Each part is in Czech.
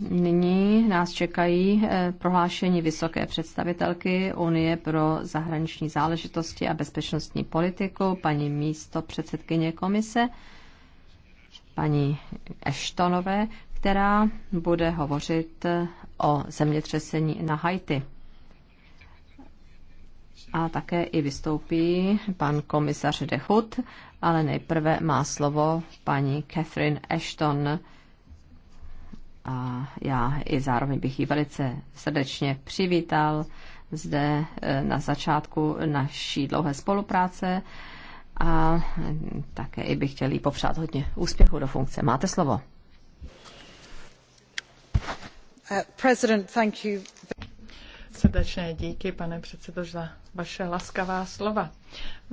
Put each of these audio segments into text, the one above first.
nyní nás čekají eh, prohlášení vysoké představitelky Unie pro zahraniční záležitosti a bezpečnostní politiku, paní místo předsedkyně komise, paní Eštonové, která bude hovořit eh, o zemětřesení na Haiti. A také i vystoupí pan komisař Dechut, ale nejprve má slovo paní Catherine Ashton a já i zároveň bych ji velice srdečně přivítal zde e, na začátku naší dlouhé spolupráce a mm, také i bych chtěl jí popřát hodně úspěchu do funkce. Máte slovo. Uh, President, thank you. Srdečné díky, pane předsedo, za vaše laskavá slova.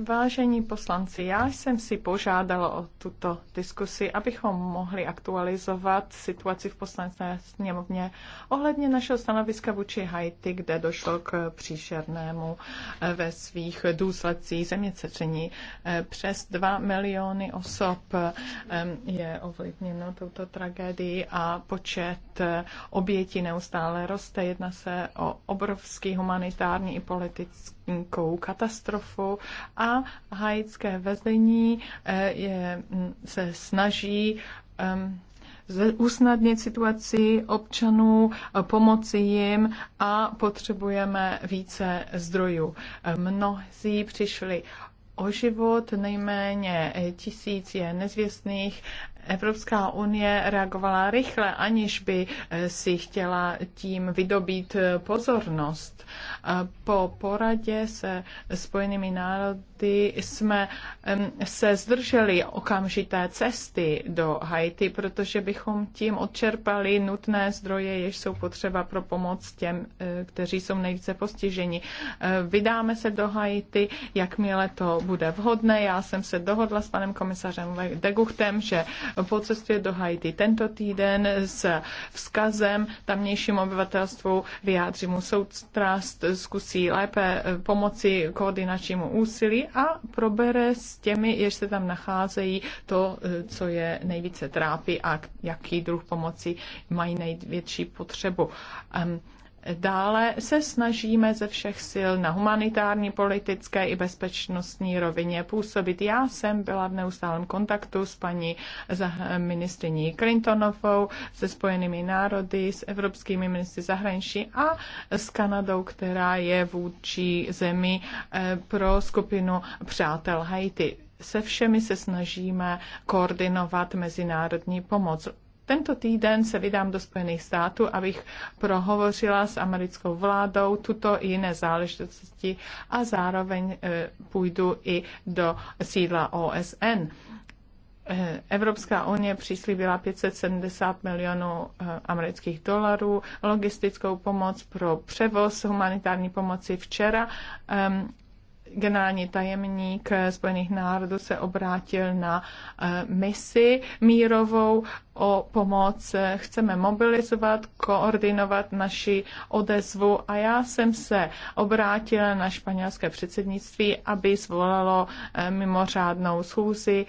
Vážení poslanci, já jsem si požádala o tuto diskusi, abychom mohli aktualizovat situaci v poslanecké sněmovně ohledně našeho stanoviska vůči Haiti, kde došlo k příšernému eh, ve svých důsledcích zemětřesení. Eh, přes 2 miliony osob eh, je ovlivněno touto tragédií a počet obětí neustále roste. Jedná se o obrovský humanitární i politický humanitární katastrofu a haitské vezení eh, je, mm, se snaží um, usnadnit situaci občanů, eh, pomoci jim a potřebujeme více zdrojů. Eh, mnozí přišli o život, nejméně tisíc je nezvěstných, Evropská unie reagovala rychle, aniž by eh, si chtěla tím vydobít eh, pozornost. Po poradě se Spojenými národy jsme se zdrželi okamžité cesty do Haiti, protože bychom tím odčerpali nutné zdroje, jež jsou potřeba pro pomoc těm, eh, kteří jsou nejvíce postiženi. Vydáme se do Haiti, jakmile to bude vhodné. Já jsem se dohodla s panem komisařem Deguchtem, že po cestě do Haiti. Tento týden s vzkazem tamnějším obyvatelstvu vyjádří mu soustrast, zkusí lépe eh, pomoci koordinačnímu úsilí a probere s těmi, jež se tam nacházejí, to, eh, co je nejvíce trápí a jaký druh pomoci mají největší potřebu. Dále se snažíme ze všech sil na humanitární, politické i bezpečnostní rovině působit. Já jsem byla v neustálém kontaktu s paní ministriní Clintonovou, se Spojenými národy, s evropskými ministry zahraničí a s Kanadou, která je vůči zemi eh, pro skupinu přátel Haiti. Se všemi se snažíme koordinovat mezinárodní pomoc. Tento týden se vydám do Spojených států, abych prohovořila s americkou vládou tuto i jiné záležitosti a zároveň e, půjdu i do sídla OSN. E, Evropská unie přislíbila 570 milionů e, amerických dolarů, logistickou pomoc pro převoz humanitární pomoci včera generální tajemník eh, Spojených národů se obrátil na eh, misi mírovou o pomoc. Chceme mobilizovat, koordinovat naši odezvu a já jsem se obrátila na španělské předsednictví, aby zvolalo eh, mimořádnou schůzi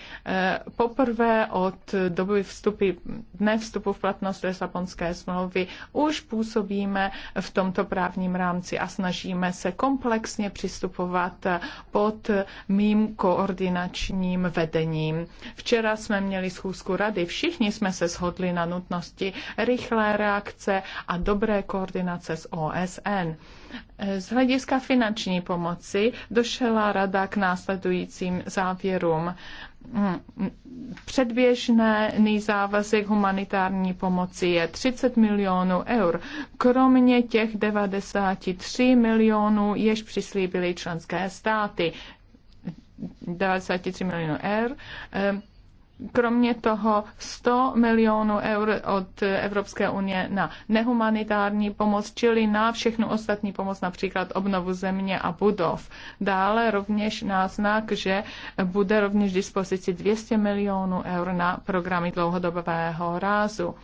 poprvé od doby vstupy, dne vstupu v platnost Lisabonské smlouvy. Už působíme v tomto právním rámci a snažíme se komplexně přistupovat pod mým koordinačním vedením. Včera jsme měli schůzku rady, všichni jsme se shodli na nutnosti rychlé reakce a dobré koordinace s OSN. Z hlediska finanční pomoci došla rada k následujícím závěrům. Předběžné nejzávazek humanitární pomoci je 30 milionů eur, kromě těch 93 milionů, jež přislíbily členské státy. 93 milionů eur Kromě toho 100 milionů eur od Evropské unie na nehumanitární pomoc, čili na všechnu ostatní pomoc, například obnovu země a budov. Dále rovněž náznak, že bude rovněž dispozici 200 milionů eur na programy dlouhodobého rázu.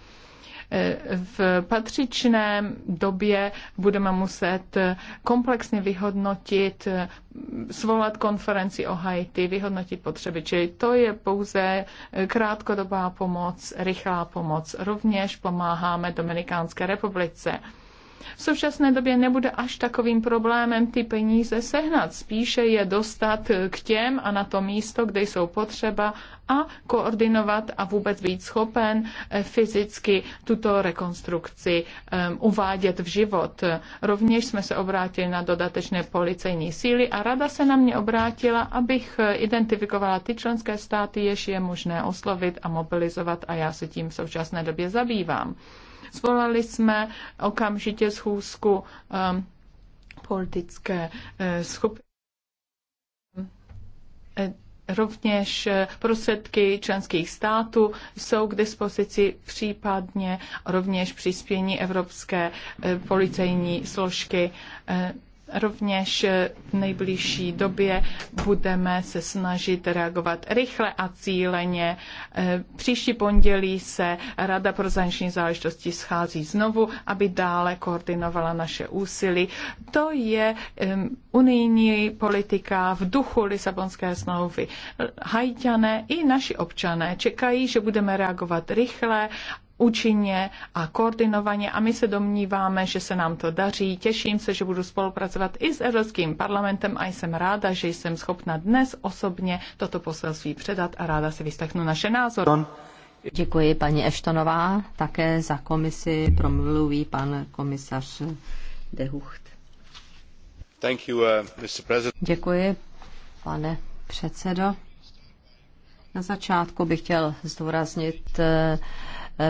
E, v patřičné době budeme muset komplexně vyhodnotit, e, svolat konferenci o Haiti, vyhodnotit potřeby. Čili to je pouze krátkodobá pomoc, rychlá pomoc. Rovněž pomáháme Dominikánské republice. V současné době nebude až takovým problémem ty peníze sehnat, spíše je dostat k těm a na to místo, kde jsou potřeba a koordinovat a vůbec být schopen eh, fyzicky tuto rekonstrukci ehm, uvádět v život. Rovněž jsme se obrátili na dodatečné policejní síly a rada se na mě obrátila, abych eh, identifikovala ty členské státy, jež je možné oslovit a mobilizovat a já se tím v současné době zabývám. Zvolali jsme okamžitě schůzku um, politické uh, skupiny. Eh, rovněž eh, prostředky členských států jsou k dispozici případně rovněž přispění Evropské policejní složky. Rovněž v nejbližší době budeme se snažit reagovat rychle a cíleně. E, příští pondělí se Rada pro zahraniční záležitosti schází znovu, aby dále koordinovala naše úsilí. To je unijní politika v duchu Lisabonské smlouvy. Haitiané i naši občané čekají, že budeme reagovat rychle účinně a koordinovaně a my se domníváme, že se nám to daří. Těším se, že budu spolupracovat i s Evropským parlamentem a jsem ráda, že jsem schopna dnes osobně toto poselství předat a ráda si vystechnu naše názory. Děkuji paní Eštonová, také za komisi promluví pan komisař Hucht. Thank you, uh, Mr. President. Děkuji, pane předsedo. Na začátku bych chtěl zdůraznit uh,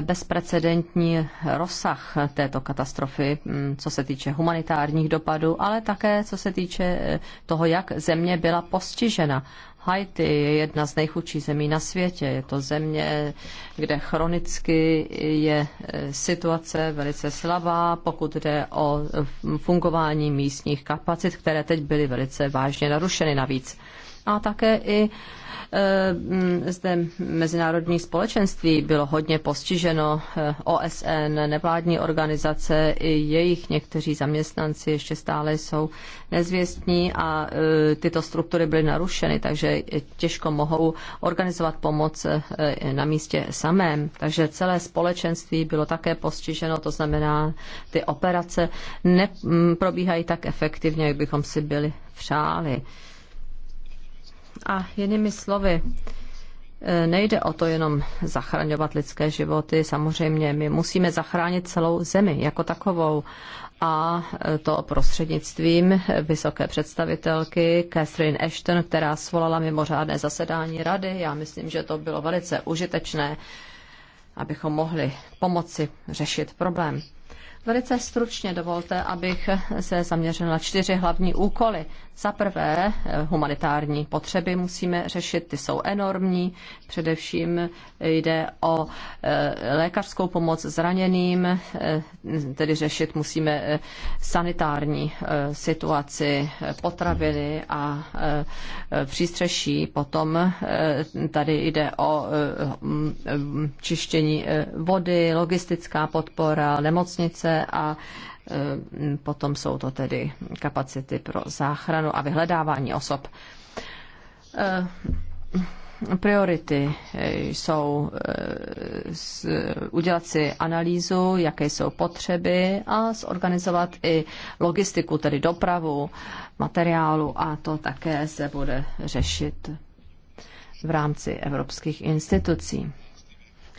bezprecedentní rozsah této katastrofy, mm, co se týče humanitárních dopadů, ale také co se týče eh, toho, jak země byla postižena. Haiti je jedna z nejchudších zemí na světě. Je to země, kde chronicky je eh, situace velice slabá, pokud jde o eh, fungování místních kapacit, které teď byly velice vážně narušeny navíc a také i e, zde mezinárodní společenství bylo hodně postiženo. E, OSN, nevládní organizace, i jejich někteří zaměstnanci ještě stále jsou nezvěstní a e, tyto struktury byly narušeny, takže těžko mohou organizovat pomoc na místě samém. Takže celé společenství bylo také postiženo, to znamená, ty operace neprobíhají tak efektivně, jak bychom si byli přáli. A jinými slovy, e, nejde o to jenom zachraňovat lidské životy. Samozřejmě my musíme zachránit celou zemi jako takovou a to prostřednictvím vysoké představitelky Catherine Ashton, která svolala mimořádné zasedání rady. Já myslím, že to bylo velice užitečné, abychom mohli pomoci řešit problém. Velice stručně dovolte, abych se zaměřil na čtyři hlavní úkoly. Za prvé, humanitární potřeby musíme řešit, ty jsou enormní. Především jde o eh, lékařskou pomoc zraněným, eh, tedy řešit musíme eh, sanitární situaci, potraviny a přístřeší. Potom tady jde o hm, hm, čištění vody, logistická podpora, nemocnice, a eh, potom jsou to tedy kapacity pro záchranu a vyhledávání osob. Eh, priority eh, jsou udělat si analýzu, jaké jsou potřeby a zorganizovat i logistiku, tedy dopravu materiálu a to také se bude řešit v rámci evropských institucí.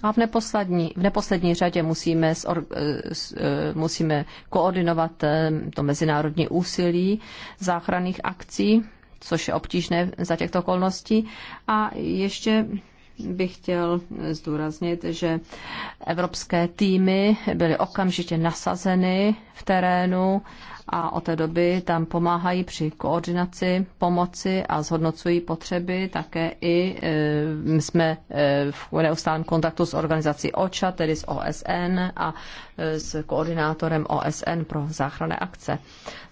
A v neposlední, v neposlední řadě musíme, s, eh, eh, musíme koordinovat eh, to mezinárodní úsilí záchranných akcí, což je obtížné za těchto okolností. A ještě bych chtěl zdůraznit, že evropské týmy byly okamžitě nasazeny v terénu a od té doby tam pomáhají při koordinaci pomoci a zhodnocují potřeby. Také i e, my jsme e, v neustálém kontaktu s organizací OCHA, tedy s OSN a e, s koordinátorem OSN pro záchranné akce.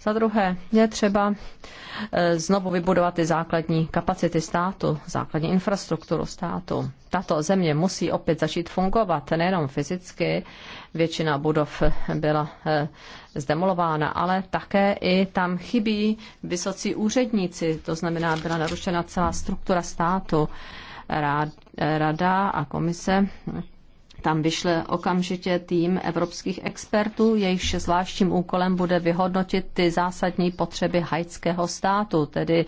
Za druhé je třeba znovu vybudovat ty základní kapacity státu, základní infrastrukturu státu tato země musí opět začít fungovat, nejenom fyzicky, většina budov byla eh, zdemolována, ale také i tam chybí vysocí úředníci, to znamená, byla narušena celá struktura státu, eh, rada a komise tam vyšle okamžitě tým evropských expertů, jejichž zvláštním úkolem bude vyhodnotit ty zásadní potřeby haitského státu, tedy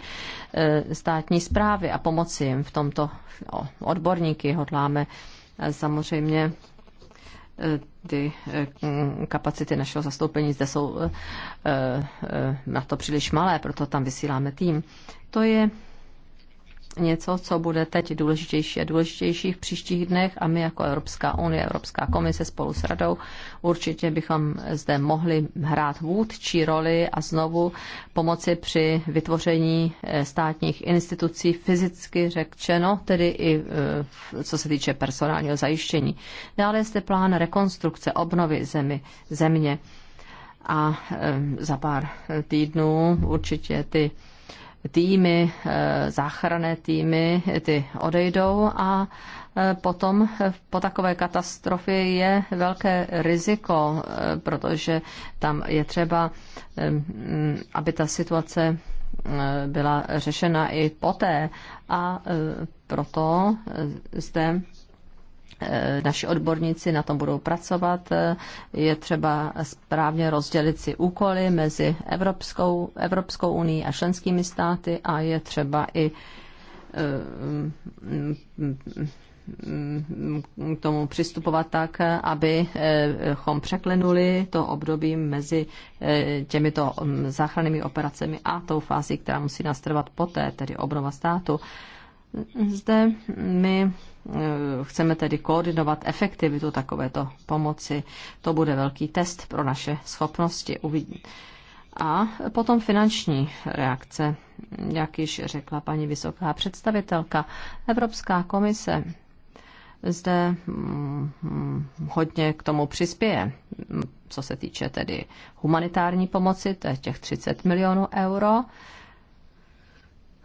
e, státní zprávy a pomoci jim v tomto odborníky hodláme e, samozřejmě e, ty kapacity našeho zastoupení zde jsou na to příliš malé, proto tam vysíláme tým. To je něco, co bude teď důležitější a důležitější v příštích dnech a my jako Evropská unie, Evropská komise spolu s radou určitě bychom zde mohli hrát vůdčí roli a znovu pomoci při vytvoření eh, státních institucí fyzicky řečeno, tedy i eh, co se týče personálního zajištění. Dále je zde plán rekonstrukce, obnovy zemi, země a eh, za pár týdnů určitě ty týmy, eh, záchranné týmy, ty odejdou a eh, potom po takové katastrofě je velké riziko, eh, protože tam je třeba, aby ta situace byla řešena i poté a proto zde Eh, naši odborníci na tom budou pracovat. Eh, je třeba správně rozdělit si úkoly mezi Evropskou, Evropskou unii a členskými státy a je třeba i eh, k tomu přistupovat tak, abychom překlenuli to období mezi těmito mm, záchrannými operacemi a tou fází, která musí nastrvat poté, tedy obnova státu. Zde my Eh, chceme tedy koordinovat efektivitu takovéto pomoci. To bude velký test pro naše schopnosti. A potom finanční reakce. Jak již řekla paní vysoká představitelka, Evropská komise zde mm, hodně k tomu přispěje, co se týče tedy humanitární pomoci, to je těch 30 milionů euro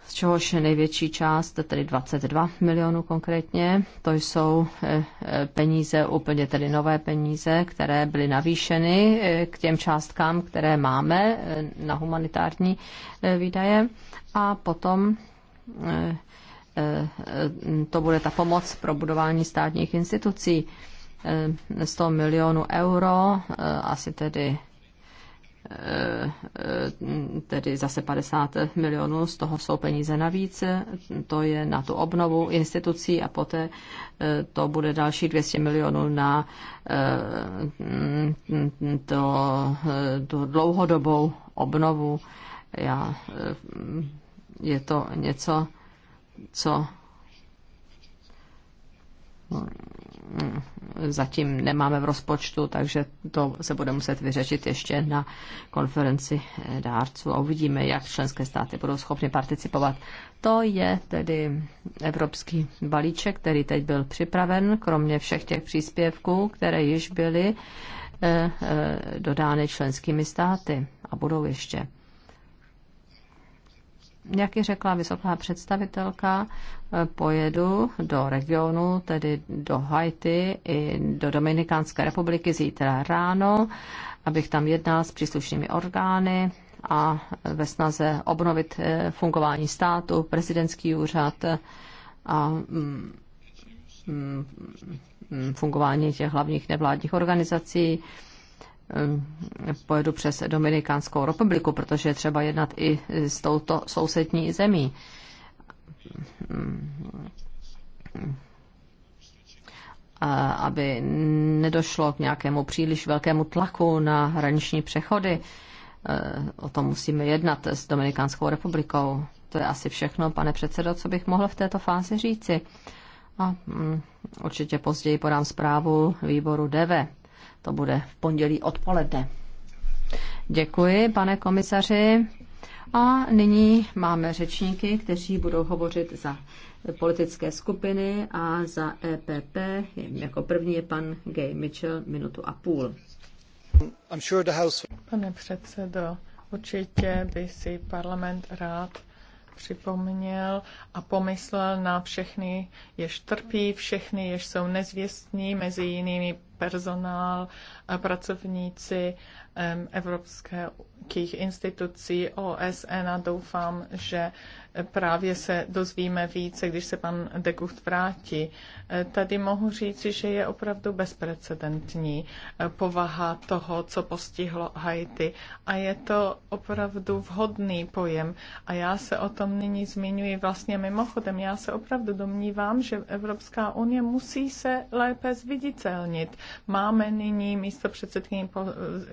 z čehož největší část, tedy 22 milionů konkrétně, to jsou eh, eh, peníze, úplně tedy nové peníze, které byly navýšeny eh, k těm částkám, které máme na humanitární výdaje. A potom to bude ta pomoc pro budování státních institucí. 100 milionů euro, asi tedy Eh, tedy zase 50 milionů, z toho jsou peníze navíc, to je na tu obnovu institucí a poté eh, to bude další 200 milionů na eh, to, to dlouhodobou obnovu. Já, je to něco, co zatím nemáme v rozpočtu, takže to se bude muset vyřešit ještě na konferenci dárců a uvidíme, jak členské státy budou schopny participovat. To je tedy evropský balíček, který teď byl připraven, kromě všech těch příspěvků, které již byly eh, eh, dodány členskými státy a budou ještě. Jak ji řekla vysoká představitelka, eh, pojedu do regionu, tedy do Haiti i do Dominikánské republiky zítra ráno, abych tam jednal s příslušnými orgány a ve snaze obnovit eh, fungování státu, prezidentský úřad a mm, mm, mm, fungování těch hlavních nevládních organizací Eh, pojedu přes Dominikánskou republiku, protože je třeba jednat i s touto sousední zemí. Aby nedošlo k nějakému příliš velkému tlaku na hraniční přechody. Eh, o tom musíme jednat s Dominikánskou republikou. To je asi všechno, pane předsedo, co bych mohl v této fázi říci. A mm, určitě později podám zprávu výboru DEVE to bude v pondělí odpoledne. Děkuji, pane komisaři. A nyní máme řečníky, kteří budou hovořit za politické skupiny a za EPP. Jako první je pan Gay Mitchell minutu a půl. Pane předsedo, určitě by si parlament rád připomněl a pomyslel na všechny, jež trpí, všechny, jež jsou nezvěstní, mezi jinými personál, pracovníci evropských institucí OSN a doufám, že právě se dozvíme více, když se pan Dekucht vrátí. Tady mohu říci, že je opravdu bezprecedentní eh, povaha toho, co postihlo Haiti a je to opravdu vhodný pojem a já se o tom nyní zmiňuji vlastně mimochodem. Já se opravdu domnívám, že Evropská unie musí se lépe zviditelnit. Máme nyní místo předsedkyní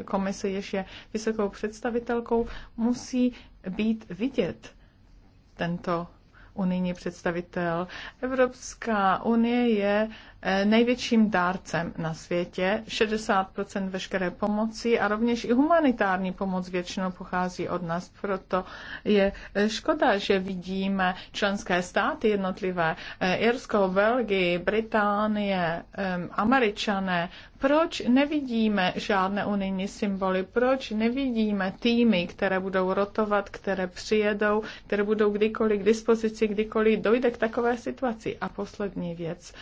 eh, komise, jež je vysokou představitelkou, musí být vidět tento unijní představitel. Evropská unie je Eh, největším dárcem na světě, 60 veškeré pomoci a rovněž i humanitární pomoc většinou pochází od nás. Proto je eh, škoda, že vidíme členské státy jednotlivé, eh, Irsko, Belgii, Británie, Američané, proč nevidíme žádné unijní symboly, proč nevidíme týmy, které budou rotovat, které přijedou, které budou kdykoliv k dispozici, kdykoliv dojde k takové situaci. A poslední věc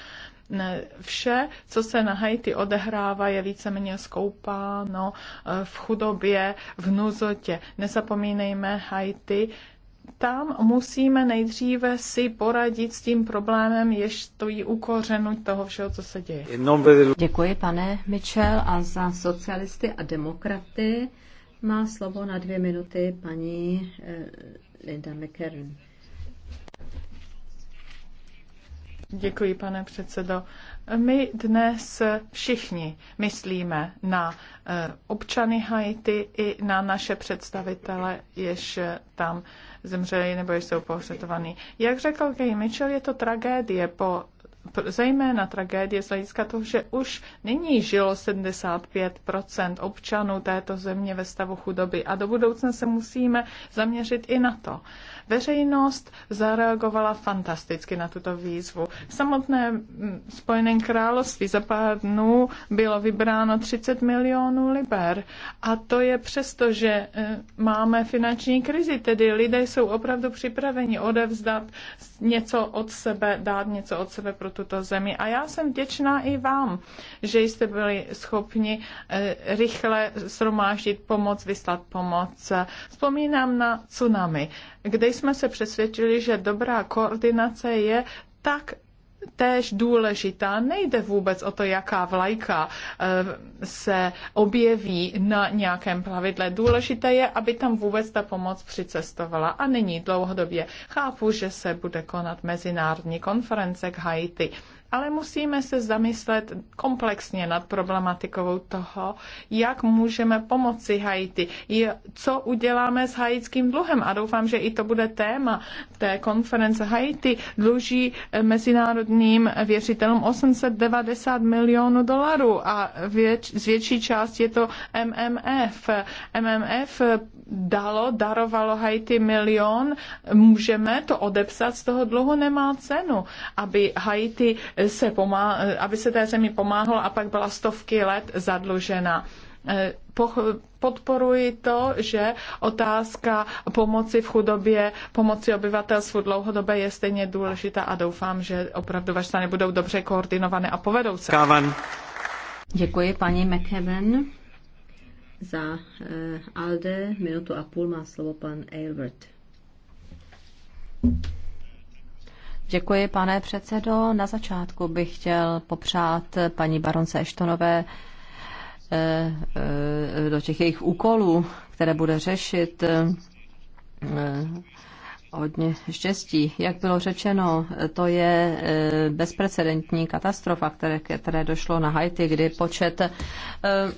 vše, co se na Haiti odehrává, je víceméně skoupáno eh, v chudobě, v nuzotě. Nezapomínejme Haiti, tam musíme nejdříve si poradit s tím problémem, jež stojí u kořenu toho všeho, co se děje. Děkuji, pane Mitchell, a za socialisty a demokraty má slovo na dvě minuty paní eh, Linda McKern. Děkuji, pane předsedo. My dnes všichni myslíme na eh, občany Haiti i na naše představitele, jež tam zemřeli nebo jsou pohřetovaní. Jak řekl Gay Mitchell, je to tragédie po zejména tragédie z hlediska toho, že už nyní žilo 75 občanů této země ve stavu chudoby a do budoucna se musíme zaměřit i na to. Veřejnost zareagovala fantasticky na tuto výzvu. V mm, Spojené království za pár dnů bylo vybráno 30 milionů liber. A to je přesto, že e, máme finanční krizi, tedy lidé jsou opravdu připraveni odevzdat něco od sebe, dát něco od sebe pro tuto zemi. A já jsem vděčná i vám, že jste byli schopni e, rychle sromáždit pomoc, vyslat pomoc. Vzpomínám na tsunami, kde jsme se přesvědčili, že dobrá koordinace je tak též důležitá. Nejde vůbec o to, jaká vlajka eh, se objeví na nějakém plavidle. Důležité je, aby tam vůbec ta pomoc přicestovala. A nyní dlouhodobě chápu, že se bude konat mezinárodní konference k Haiti ale musíme se zamyslet komplexně nad problematikou toho, jak můžeme pomoci Haiti, co uděláme s haitským dluhem. A doufám, že i to bude téma té konference Haiti. Dluží eh, mezinárodním věřitelům 890 milionů dolarů a věč, z větší část je to MMF. MMF eh, dalo, darovalo Haiti milion, můžeme to odepsat z toho dluhu, nemá cenu, aby Haiti se pomá- aby se té zemi pomáhlo a pak byla stovky let zadlužena eh, podporuji to, že otázka pomoci v chudobě, pomoci obyvatelstvu dlouhodobé je stejně důležitá a doufám, že opravdu vaše strany budou dobře koordinované a povedou se. Kávan. Děkuji paní McKeven. Za uh, ALDE minutu a půl má slovo pan Aylward. Děkuji, pane předsedo. Na začátku bych chtěl popřát paní baronce Eštonové eh, eh, do těch jejich úkolů, které bude řešit eh, hodně štěstí. Jak bylo řečeno, to je bezprecedentní katastrofa, které, které došlo na Haiti, kdy počet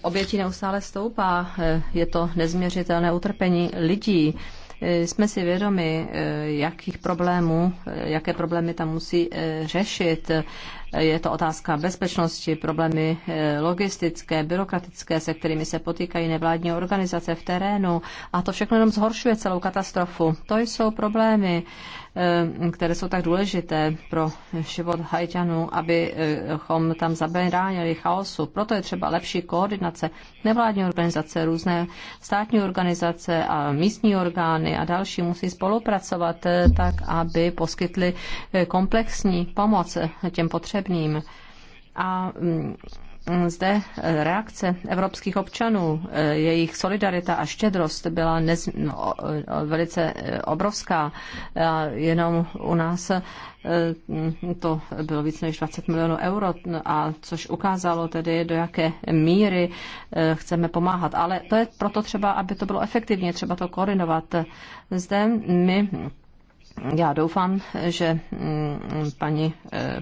obětí neustále stoupá. Je to nezměřitelné utrpení lidí jsme si vědomi, eh, jakých problémů, eh, jaké problémy tam musí eh, řešit. Je to otázka bezpečnosti, problémy logistické, byrokratické, se kterými se potýkají nevládní organizace v terénu. A to všechno jenom zhoršuje celou katastrofu. To jsou problémy, Eh, které jsou tak důležité pro život Haitianů, abychom tam zabránili chaosu. Proto je třeba lepší koordinace nevládní organizace, různé státní organizace a místní orgány a další musí spolupracovat eh, tak, aby poskytli eh, komplexní pomoc těm potřebným. A mm, Mm, zde eh, reakce evropských občanů, eh, jejich solidarita a štědrost byla nez, no, velice eh, obrovská. Jenom u nás mm, to bylo víc než 20 milionů euro, a což ukázalo tedy, do jaké míry chceme pomáhat. Ale to je proto třeba, aby to bylo efektivně, třeba to koordinovat. Zde my já doufám, že mm, paní,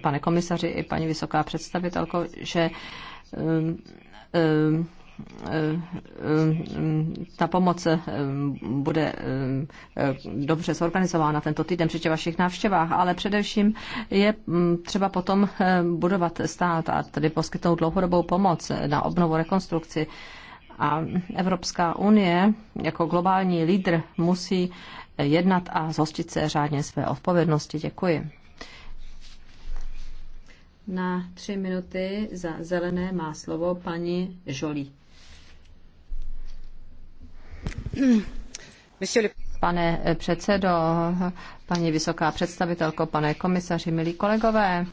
pane komisaři i paní vysoká představitelko, že ta pomoc eh, bude eh, dobře zorganizována tento týden při těch vašich návštěvách, ale především je mm, třeba potom eh, budovat stát a tedy poskytnout dlouhodobou pomoc na obnovu rekonstrukci. A Evropská unie jako globální lídr musí jednat a zhostit se řádně své odpovědnosti. Děkuji. Na tři minuty za zelené má slovo paní Žolí. Pane předsedo, paní vysoká představitelko, pane komisaři, milí kolegové,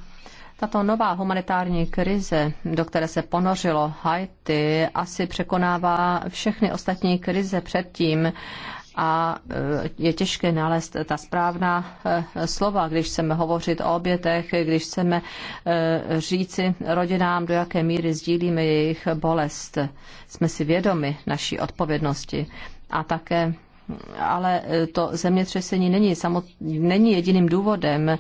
tato nová humanitární krize, do které se ponořilo Haiti, asi překonává všechny ostatní krize předtím a e, je těžké nalézt ta správná e, slova, když chceme hovořit o obětech, když chceme e, říci rodinám, do jaké míry sdílíme jejich bolest. Jsme si vědomi naší odpovědnosti a také ale e, to zemětřesení není, samot, není jediným důvodem e,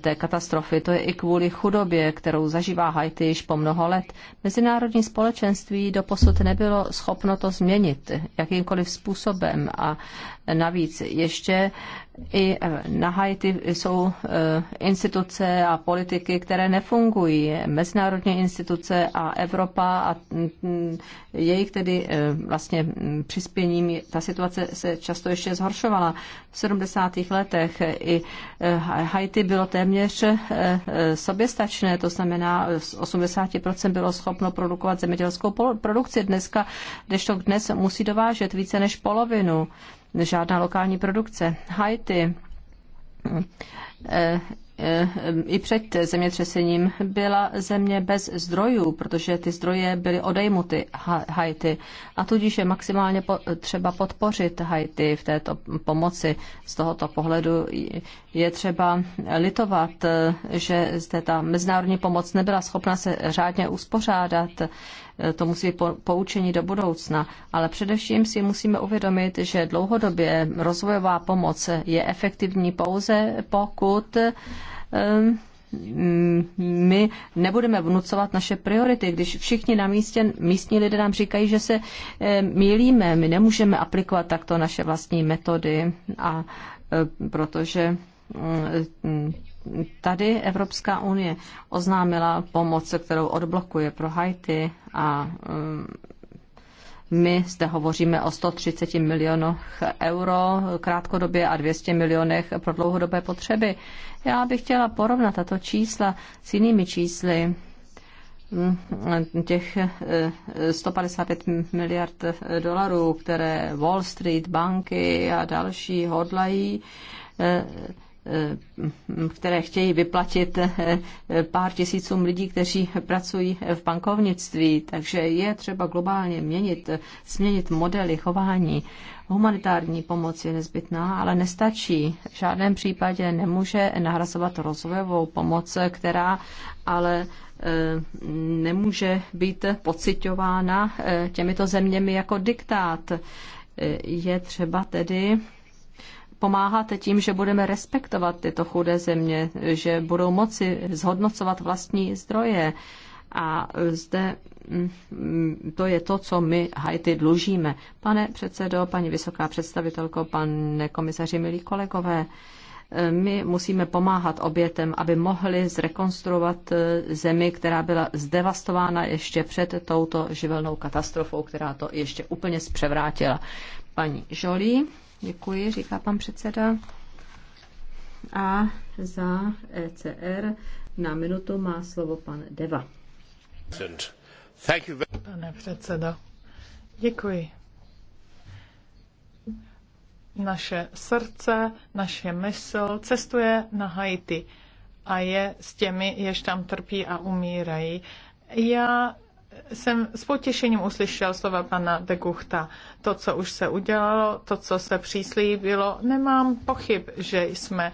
té katastrofy. To je i kvůli chudobě, kterou zažívá Haiti již po mnoho let. Mezinárodní společenství doposud nebylo schopno to změnit jakýmkoliv způsobem a Navíc ještě i eh, na Haiti jsou eh, instituce a politiky, které nefungují, mezinárodní instituce a Evropa a mm, mm, jejich tedy eh, vlastně mm, přispěním ta situace se často ještě zhoršovala. V 70. letech i Haiti bylo téměř soběstačné, to znamená z 80% bylo schopno produkovat zemědělskou produkci dneska, kdežto dnes musí dovážet více než polovinu žádná lokální produkce. Haiti eh, eh, i před zemětřesením byla země bez zdrojů, protože ty zdroje byly odejmuty Haiti. A tudíž je maximálně třeba podpořit Haiti v této pomoci. Z tohoto pohledu je třeba litovat, eh, že zde ta mezinárodní pomoc nebyla schopna se řádně uspořádat to musí být poučení do budoucna, ale především si musíme uvědomit, že dlouhodobě rozvojová pomoc je efektivní pouze pokud ehm, my nebudeme vnucovat naše priority, když všichni na místě, místní lidé nám říkají, že se mílíme, ehm, my nemůžeme aplikovat takto naše vlastní metody a e, protože tady Evropská unie oznámila pomoc, kterou odblokuje pro Haiti a mm, my zde hovoříme o 130 milionech euro krátkodobě a 200 milionech pro dlouhodobé potřeby. Já bych chtěla porovnat tato čísla s jinými čísly mm, těch 155 eh, miliard dolarů, které Wall Street, banky a další hodlají eh, Eh, které chtějí vyplatit eh, pár tisícům lidí, kteří pracují v bankovnictví. Takže je třeba globálně měnit, změnit modely chování. Humanitární pomoc je nezbytná, ale nestačí. V žádném případě nemůže nahrazovat rozvojovou pomoc, která ale eh, nemůže být pocitována těmito zeměmi jako diktát. Je třeba tedy Pomáháte tím, že budeme respektovat tyto chudé země, že budou moci zhodnocovat vlastní zdroje. A zde mm, mm, to je to, co my Haiti dlužíme. Pane předsedo, paní vysoká představitelko, pane komisaři, milí kolegové, my musíme pomáhat obětem, aby mohli zrekonstruovat e, zemi, která byla zdevastována ještě před touto živelnou katastrofou, která to ještě úplně zpřevrátila. Paní Žolí. Děkuji, říká pan předseda. A za ECR na minutu má slovo pan Deva. Pane předsedo, děkuji. Naše srdce, naše mysl cestuje na Haiti a je s těmi, jež tam trpí a umírají. Já jsem s potěšením uslyšel slova pana de Guchta. To, co už se udělalo, to, co se příslíbilo, nemám pochyb, že jsme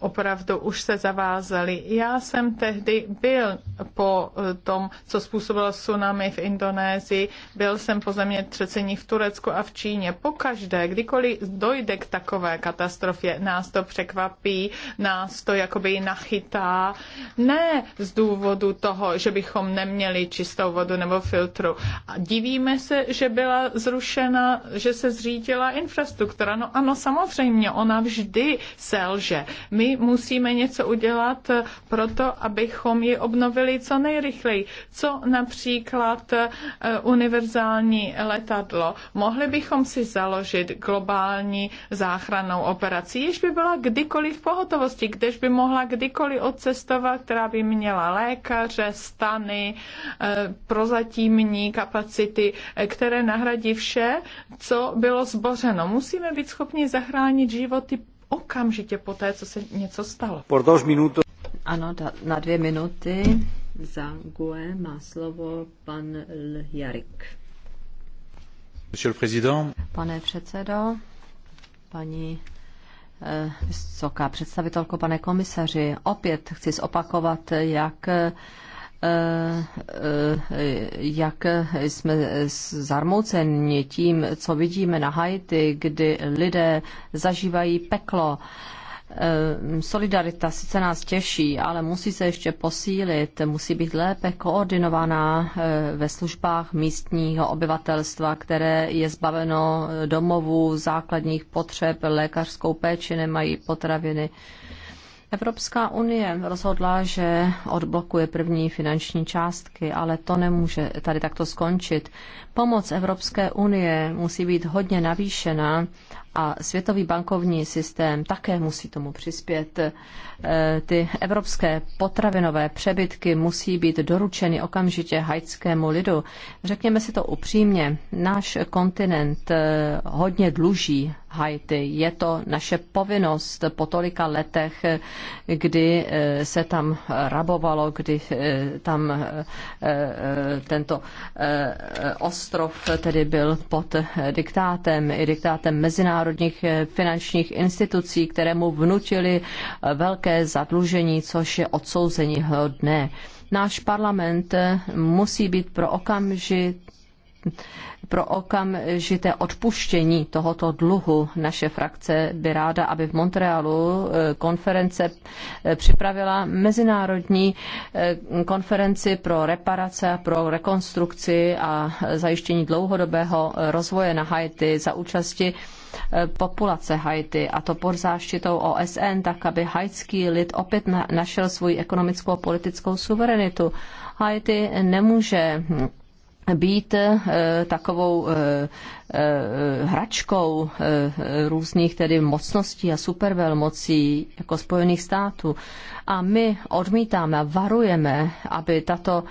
opravdu už se zavázali. Já jsem tehdy byl po tom, co způsobilo tsunami v Indonésii, byl jsem po zemětřesení v Turecku a v Číně. každé, kdykoliv dojde k takové katastrofě, nás to překvapí, nás to jakoby nachytá. Ne z důvodu toho, že bychom neměli čistou vodu nebo filtru. A divíme se, že byla zrušena, že se zřídila infrastruktura. No ano, samozřejmě, ona vždy selže. My musíme něco udělat pro to, abychom ji obnovili co nejrychleji. Co například eh, univerzální letadlo. Mohli bychom si založit globální záchrannou operaci, jež by byla kdykoliv v pohotovosti, kdež by mohla kdykoliv odcestovat, která by měla lékaře, stany, eh, prozatímní kapacity, eh, které nahradí vše, co bylo zbořeno. Musíme být schopni zachránit životy okamžitě po té, co se něco stalo. Por dos minutos. Ano, na dvě minuty za GUE má slovo pan Ljarik. Monsieur le Président. Pane předsedo, paní eh, vysoká představitelko, pane komisaři, opět chci zopakovat, jak eh, Eh, eh, jak jsme zarmouceni tím, co vidíme na Haiti, kdy lidé zažívají peklo. Eh, solidarita sice nás těší, ale musí se ještě posílit, musí být lépe koordinovaná ve službách místního obyvatelstva, které je zbaveno domovů, základních potřeb, lékařskou péči, nemají potraviny. Evropská unie rozhodla, že odblokuje první finanční částky, ale to nemůže tady takto skončit. Pomoc Evropské unie musí být hodně navýšena a Světový bankovní systém také musí tomu přispět. E, ty evropské potravinové přebytky musí být doručeny okamžitě haitskému lidu. Řekněme si to upřímně, náš kontinent e, hodně dluží Haiti. Je to naše povinnost po tolika letech, e, kdy se tam rabovalo, kdy tam tento ostrov tedy byl pod diktátem, i diktátem mezinárodní mezinárodních eh, finančních institucí, které mu vnutili eh, velké zadlužení, což je odsouzení hodné. Náš parlament eh, musí být pro okamžit pro okamžité odpuštění tohoto dluhu. Naše frakce by ráda, aby v Montrealu konference připravila mezinárodní konferenci pro reparace, pro rekonstrukci a zajištění dlouhodobého rozvoje na Haiti za účasti Eh, populace Haiti, a to pod záštitou OSN, tak aby haitský lid opět našel svůj ekonomickou a politickou suverenitu. Haiti nemůže být eh, takovou eh, hračkou různých tedy mocností a supervelmocí jako Spojených států. A my odmítáme a varujeme, aby tato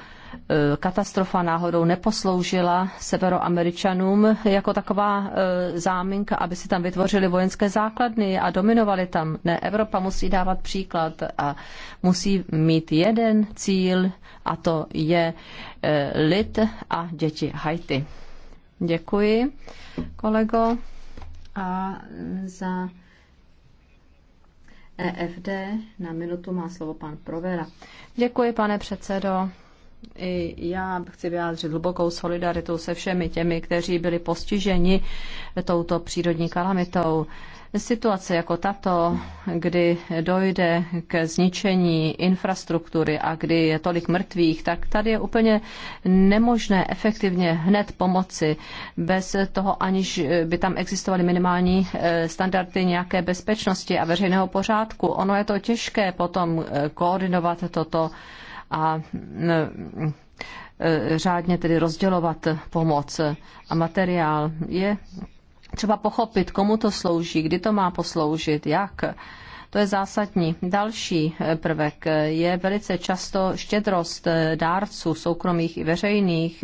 E, katastrofa náhodou neposloužila severoameričanům jako taková e, záminka, aby si tam vytvořili vojenské základny a dominovali tam. Ne, Evropa musí dávat příklad a musí mít jeden cíl a to je e, lid a děti Haiti. Děkuji, kolego. A za EFD na minutu má slovo pan Provera. Děkuji, pane předsedo. I já chci vyjádřit hlubokou solidaritu se všemi těmi, kteří byli postiženi touto přírodní kalamitou. Situace jako tato, kdy dojde k zničení infrastruktury a kdy je tolik mrtvých, tak tady je úplně nemožné efektivně hned pomoci bez toho, aniž by tam existovaly minimální eh, standardy nějaké bezpečnosti a veřejného pořádku. Ono je to těžké potom eh, koordinovat toto a e, řádně tedy rozdělovat pomoc a materiál. Je třeba pochopit, komu to slouží, kdy to má posloužit, jak. To je zásadní. Další e, prvek je velice často štědrost e, dárců, soukromých i veřejných,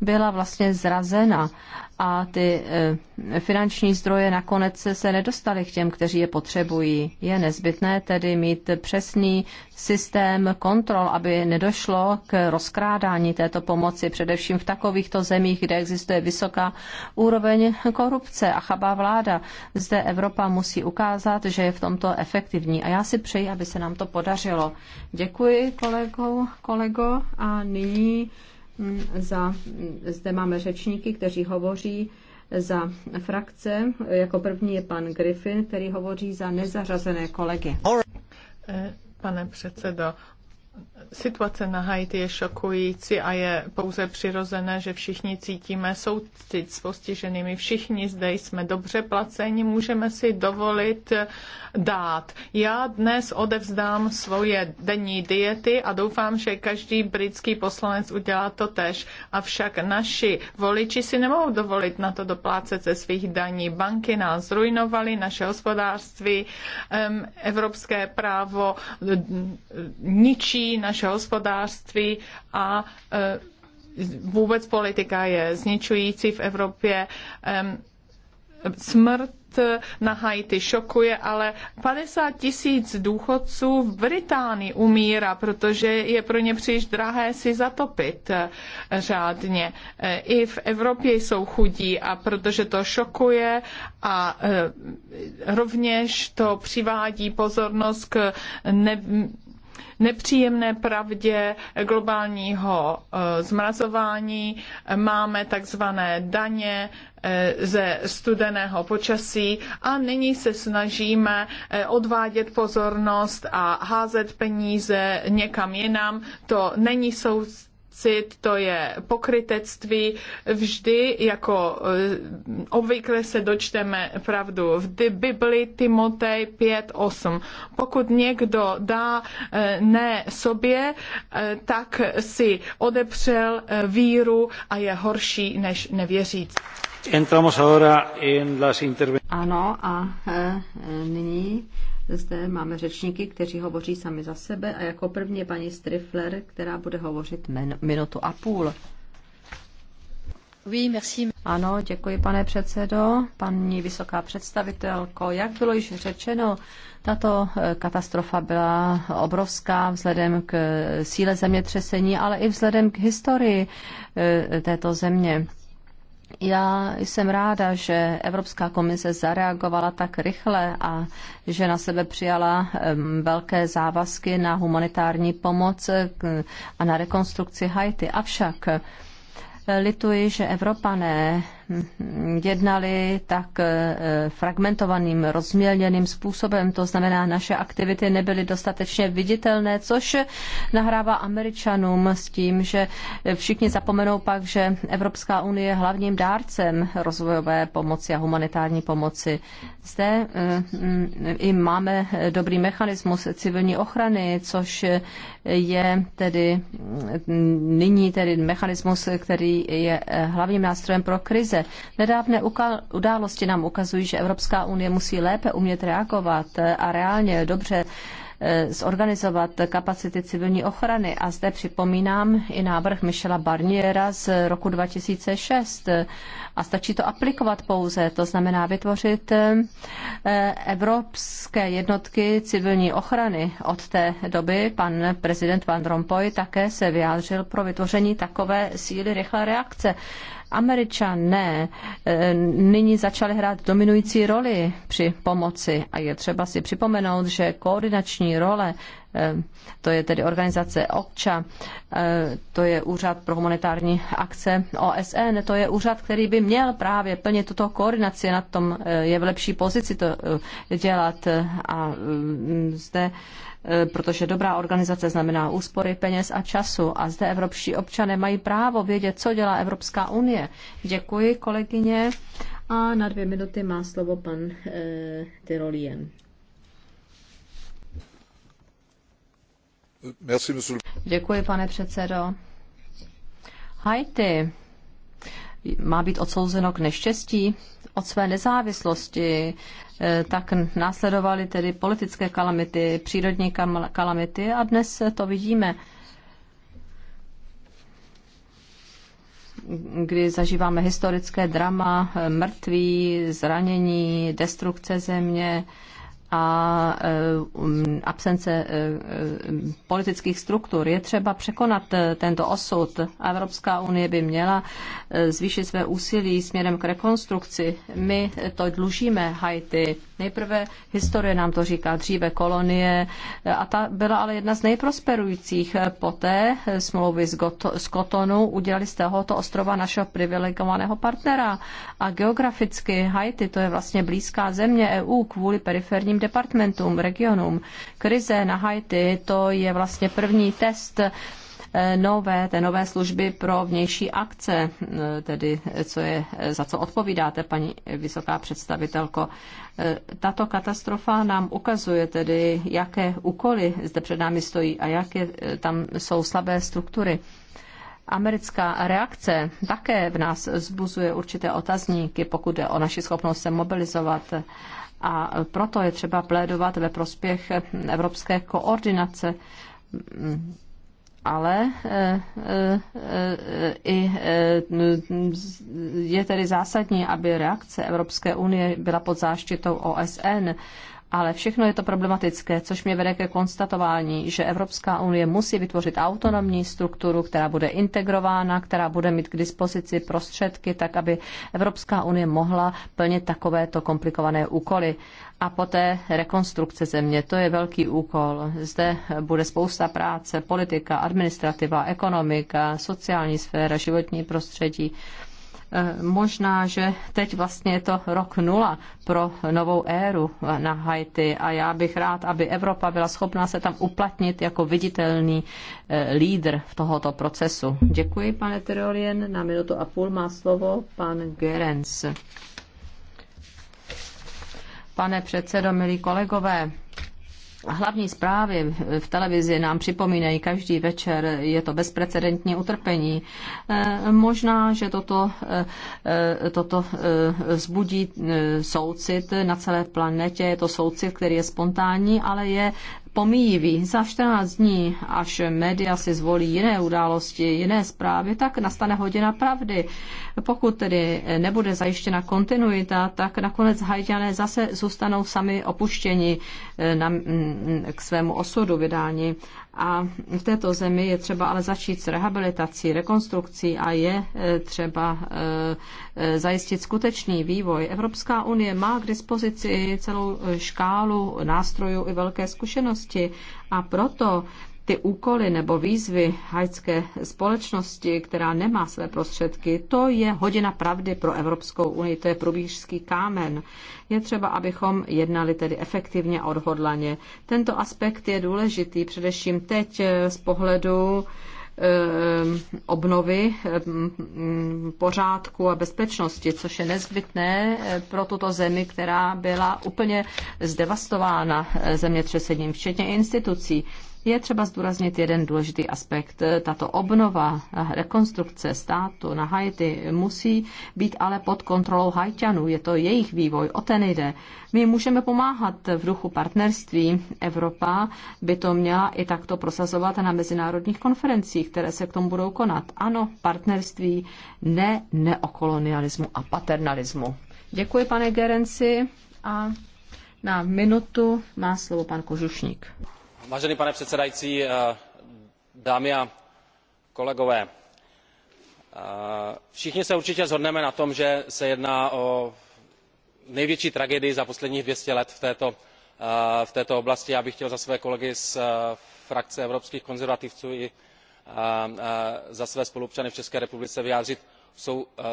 byla vlastně zrazena a ty eh, finanční zdroje nakonec se nedostaly k těm, kteří je potřebují. Je nezbytné tedy mít přesný systém kontrol, aby nedošlo k rozkrádání této pomoci, především v takovýchto zemích, kde existuje vysoká úroveň korupce a chabá vláda. Zde Evropa musí ukázat, že je v tomto efektivní. A já si přeji, aby se nám to podařilo. Děkuji kolego, kolego a nyní Mm, za, mm, zde máme řečníky, kteří hovoří za frakce. Jako první je pan Griffin, který hovoří za nezařazené kolegy. Eh, pane předsedo, Situace na Haiti je šokující a je pouze přirozené, že všichni cítíme soucit s postiženými. Všichni zde jsme dobře placeni, můžeme si dovolit dát. Já dnes odevzdám svoje denní diety a doufám, že každý britský poslanec udělá to tež. Avšak naši voliči si nemohou dovolit na to doplácet ze svých daní. Banky nás zrujnovaly, naše hospodářství, evropské právo eh, ničí naše naše hospodářství a e, vůbec politika je zničující v Evropě. Smrt na Haiti šokuje, ale 50 tisíc důchodců v Británii umírá, protože je pro ně příliš drahé si zatopit e, řádně. E, I v Evropě jsou chudí a protože to šokuje a rovněž to přivádí pozornost k nepříjemné pravdě globálního eh, zmrazování. Máme takzvané daně eh, ze studeného počasí a nyní se snažíme eh, odvádět pozornost a házet peníze někam jinam. To není sou cit, to je pokrytectví. Vždy, jako eh, obvykle, se dočteme pravdu. V Bibli Timotej 5.8. Pokud někdo dá eh, ne sobě, eh, tak si odepřel víru a je horší než nevěřící. Entramos ahora en las ano, a e, nyní zde máme řečníky, kteří hovoří sami za sebe a jako první je paní Strifler, která bude hovořit men, minutu a půl. Oui, merci. Ano, děkuji, pane předsedo. Paní vysoká představitelko, jak bylo již řečeno, tato eh, katastrofa byla obrovská vzhledem k síle zemětřesení, ale i vzhledem k historii eh, této země. Já jsem ráda, že Evropská komise zareagovala tak rychle a že na sebe přijala velké závazky na humanitární pomoc a na rekonstrukci Haiti. Avšak eh, lituji, že Evropané jednali tak eh, fragmentovaným, rozmělněným způsobem. To znamená, naše aktivity nebyly dostatečně viditelné, což nahrává Američanům s tím, že všichni zapomenou pak, že Evropská unie je hlavním dárcem rozvojové pomoci a humanitární pomoci. Zde eh, i máme dobrý mechanismus civilní ochrany, což je tedy mm, nyní tedy mechanismus, který je hlavním nástrojem pro krize krize. Nedávné události nám ukazují, že Evropská unie musí lépe umět reagovat a reálně dobře eh, zorganizovat kapacity civilní ochrany. A zde připomínám i návrh Michela Barniera z roku 2006. A stačí to aplikovat pouze, to znamená vytvořit eh, evropské jednotky civilní ochrany. Od té doby pan prezident Van Rompuy také se vyjádřil pro vytvoření takové síly rychlé reakce Američané eh, nyní začali hrát dominující roli při pomoci a je třeba si připomenout, že koordinační role Eh, to je tedy organizace OCHA, eh, to je úřad pro humanitární akce OSN, to je úřad, který by měl právě plnit tuto koordinaci, na tom eh, je v lepší pozici to dělat a mm, zde protože dobrá organizace znamená úspory peněz a času a zde evropští občané mají právo vědět, co dělá Evropská unie. Děkuji kolegyně a na dvě minuty má slovo pan e, Tyrolien. Děkuji, pane předsedo. Haiti má být odsouzeno k neštěstí od své nezávislosti, eh, tak následovaly tedy politické kalamity, přírodní kalamity a dnes to vidíme, kdy zažíváme historické drama, eh, mrtví, zranění, destrukce země, a eh, um, absence eh, eh, politických struktur. Je třeba překonat tento osud. Evropská unie by měla zvýšit své úsilí směrem k rekonstrukci. My to dlužíme Haiti. Nejprve historie nám to říká, dříve kolonie a ta byla ale jedna z nejprosperujících. Poté smlouvy z, Got- z Kotonu udělali z tohoto ostrova našeho privilegovaného partnera. A geograficky Haiti to je vlastně blízká země EU kvůli periferním departmentům, regionům. Krize na Haiti, to je vlastně první test eh, nové, té nové služby pro vnější akce, eh, tedy eh, co je, za co odpovídáte, paní vysoká představitelko. Tato katastrofa nám ukazuje tedy, jaké úkoly zde před námi stojí a jaké tam jsou slabé struktury. Americká reakce také v nás zbuzuje určité otazníky, pokud jde o naši schopnost se mobilizovat. A proto je třeba plédovat ve prospěch evropské koordinace ale e, e, e, i je tedy zásadní, aby reakce Evropské unie byla pod záštitou OSN ale všechno je to problematické, což mě vede ke konstatování, že Evropská unie musí vytvořit autonomní strukturu, která bude integrována, která bude mít k dispozici prostředky, tak aby Evropská unie mohla plnit takovéto komplikované úkoly. A poté rekonstrukce země, to je velký úkol. Zde bude spousta práce, politika, administrativa, ekonomika, sociální sféra, životní prostředí. Eh, možná, že teď vlastně je to rok nula pro novou éru na Haiti a já bych rád, aby Evropa byla schopná se tam uplatnit jako viditelný eh, lídr v tohoto procesu. Děkuji, pane Terolien. Na minutu a půl má slovo pan Gerens. Pane předsedo, milí kolegové, hlavní zprávy v televizi nám připomínají každý večer, je to bezprecedentní utrpení. Eh, možná, že toto, eh, toto eh, zbudí soucit na celé planetě, je to soucit, který je spontánní, ale je pomíjivý. Za 14 dní, až média si zvolí jiné události, jiné zprávy, tak nastane hodina pravdy. Pokud tedy nebude zajištěna kontinuita, tak nakonec hajťané zase zůstanou sami opuštěni eh, na, mm, k svému osudu vydání. A v této zemi je třeba ale začít s rehabilitací, rekonstrukcí a je eh, třeba eh, eh, zajistit skutečný vývoj. Evropská unie má k dispozici celou škálu nástrojů i velké zkušenosti a proto ty úkoly nebo výzvy haitské společnosti, která nemá své prostředky, to je hodina pravdy pro Evropskou unii, to je průbířský kámen. Je třeba, abychom jednali tedy efektivně a odhodlaně. Tento aspekt je důležitý především teď eh, z pohledu eh, obnovy eh, pořádku a bezpečnosti, což je nezbytné pro tuto zemi, která byla úplně zdevastována zemětřesením, včetně institucí. Je třeba zdůraznit jeden důležitý aspekt. Tato obnova, rekonstrukce státu na Haiti musí být ale pod kontrolou Haitianů. Je to jejich vývoj, o ten jde. My můžeme pomáhat v ruchu partnerství. Evropa by to měla i takto prosazovat na mezinárodních konferencích, které se k tomu budou konat. Ano, partnerství ne neokolonialismu a paternalismu. Děkuji, pane Gerenci. A na minutu má slovo pan Kožušník vážený pane předsedající eh, dámy a kolegové eh, všichni se určitě shodneme na tom že se jedná o největší tragédii za posledních dvě stě let eh, v této oblasti. já bych chtěl za své kolegy z frakce evropských konzervativců i za své spoluobčany v české republice vyjádřit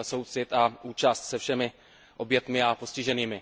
soucit a účast se všemi obětmi a postiženými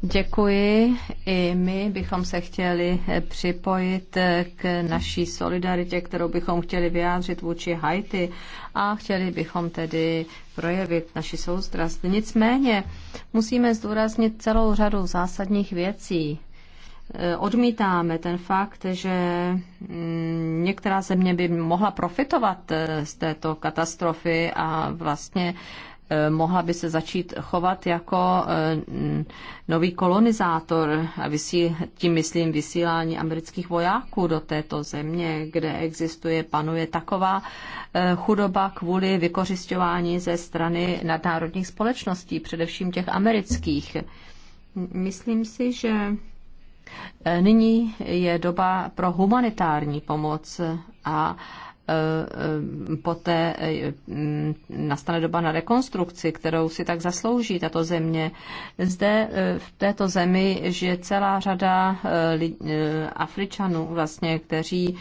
Děkuji. I my bychom se chtěli připojit k naší solidaritě, kterou bychom chtěli vyjádřit vůči Haiti a chtěli bychom tedy projevit naši soustrast. Nicméně musíme zdůraznit celou řadu zásadních věcí. Eh, odmítáme ten fakt, že mm, některá země by mohla profitovat eh, z této katastrofy a vlastně Eh, mohla by se začít chovat jako eh, nový kolonizátor a vysí, tím myslím vysílání amerických vojáků do této země, kde existuje, panuje taková eh, chudoba kvůli vykořišťování ze strany nadnárodních společností, především těch amerických. Myslím si, že nyní je doba pro humanitární pomoc a Eh, eh, poté eh, nastane doba na rekonstrukci, kterou si tak zaslouží tato země. Zde v této zemi žije celá řada Afričanů, vlastně, kteří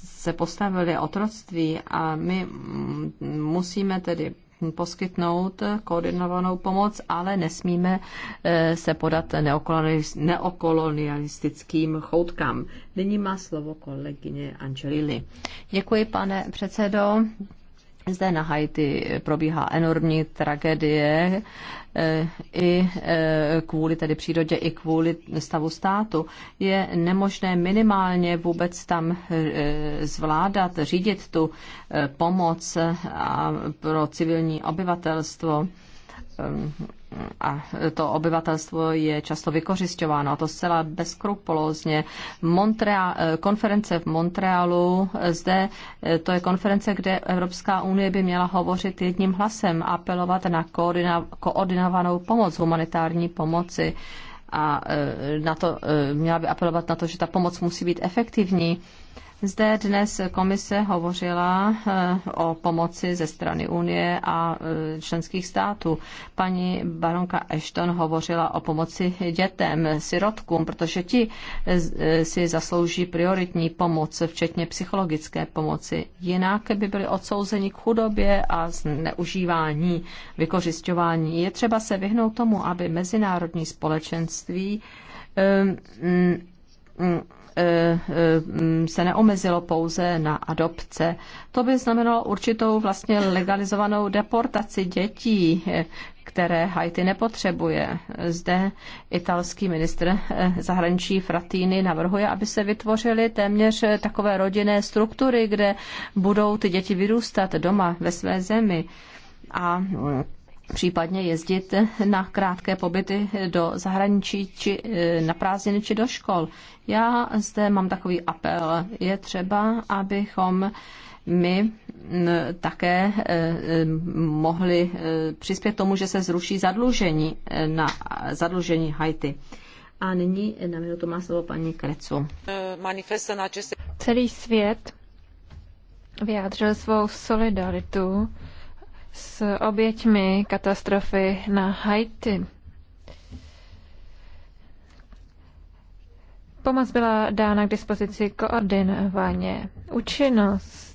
se postavili otroctví a my mm, musíme tedy poskytnout koordinovanou pomoc, ale nesmíme eh, se podat neokolonialistickým choutkám. Nyní má slovo kolegyně Angelili. Děkuji, pane předsedo. Zde na Haiti probíhá enormní tragédie eh, i eh, kvůli tedy přírodě, i kvůli stavu státu. Je nemožné minimálně vůbec tam eh, zvládat, řídit tu pomoc pro civilní obyvatelstvo. Ehm, a to obyvatelstvo je často vykořišťováno a to zcela bezkrupulózně. Eh, konference v Montrealu, eh, zde eh, to je konference, kde Evropská unie by měla hovořit jedním hlasem, apelovat na koordinovanou pomoc, humanitární pomoci a na to, měla by apelovat na to, že ta pomoc musí být efektivní zde dnes komise hovořila eh, o pomoci ze strany Unie a eh, členských států. Paní baronka Ashton hovořila o pomoci dětem, sirotkům, protože ti eh, si zaslouží prioritní pomoc, včetně psychologické pomoci. Jinak by byli odsouzeni k chudobě a zneužívání, vykořišťování. Je třeba se vyhnout tomu, aby mezinárodní společenství um, um, Eh, eh, se neomezilo pouze na adopce. To by znamenalo určitou vlastně legalizovanou deportaci dětí, eh, které Haiti nepotřebuje. Zde italský ministr zahraničí Fratýny navrhuje, aby se vytvořily téměř takové rodinné struktury, kde budou ty děti vyrůstat doma ve své zemi. A případně jezdit na krátké pobyty do zahraničí, či e, na prázdniny, či do škol. Já zde mám takový apel. Je třeba, abychom my také e, e, mohli přispět tomu, že se zruší zadlužení na zadlužení Haiti. A nyní na minutu má slovo paní Krecu. Celý svět vyjádřil svou solidaritu s oběťmi katastrofy na Haiti. Pomoc byla dána k dispozici koordinovaně. Účinnost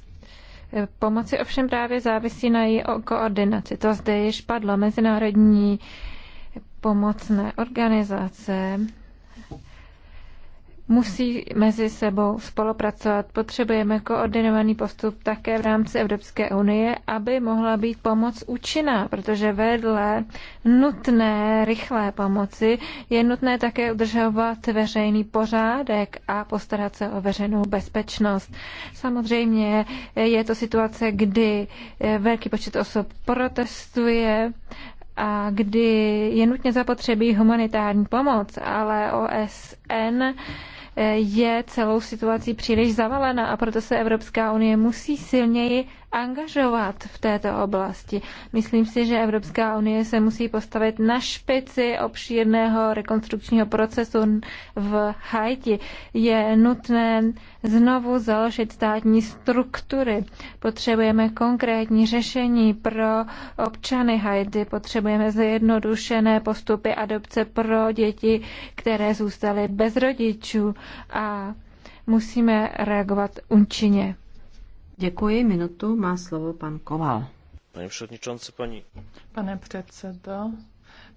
pomoci ovšem právě závisí na její koordinaci. To zde již padlo. Mezinárodní pomocné organizace musí mezi sebou spolupracovat. Potřebujeme koordinovaný postup také v rámci Evropské unie, aby mohla být pomoc účinná, protože vedle nutné rychlé pomoci je nutné také udržovat veřejný pořádek a postarat se o veřejnou bezpečnost. Samozřejmě je to situace, kdy velký počet osob protestuje, a kdy je nutně zapotřebí humanitární pomoc, ale OSN je celou situací příliš zavalena a proto se Evropská unie musí silněji angažovat v této oblasti. Myslím si, že Evropská unie se musí postavit na špici obšírného rekonstrukčního procesu v Haiti. Je nutné znovu založit státní struktury. Potřebujeme konkrétní řešení pro občany Haiti. Potřebujeme zjednodušené postupy adopce pro děti, které zůstaly bez rodičů a musíme reagovat účinně. Děkuji, minutu má slovo pan Koval. Pane předsedající, paní... Pane předsedo,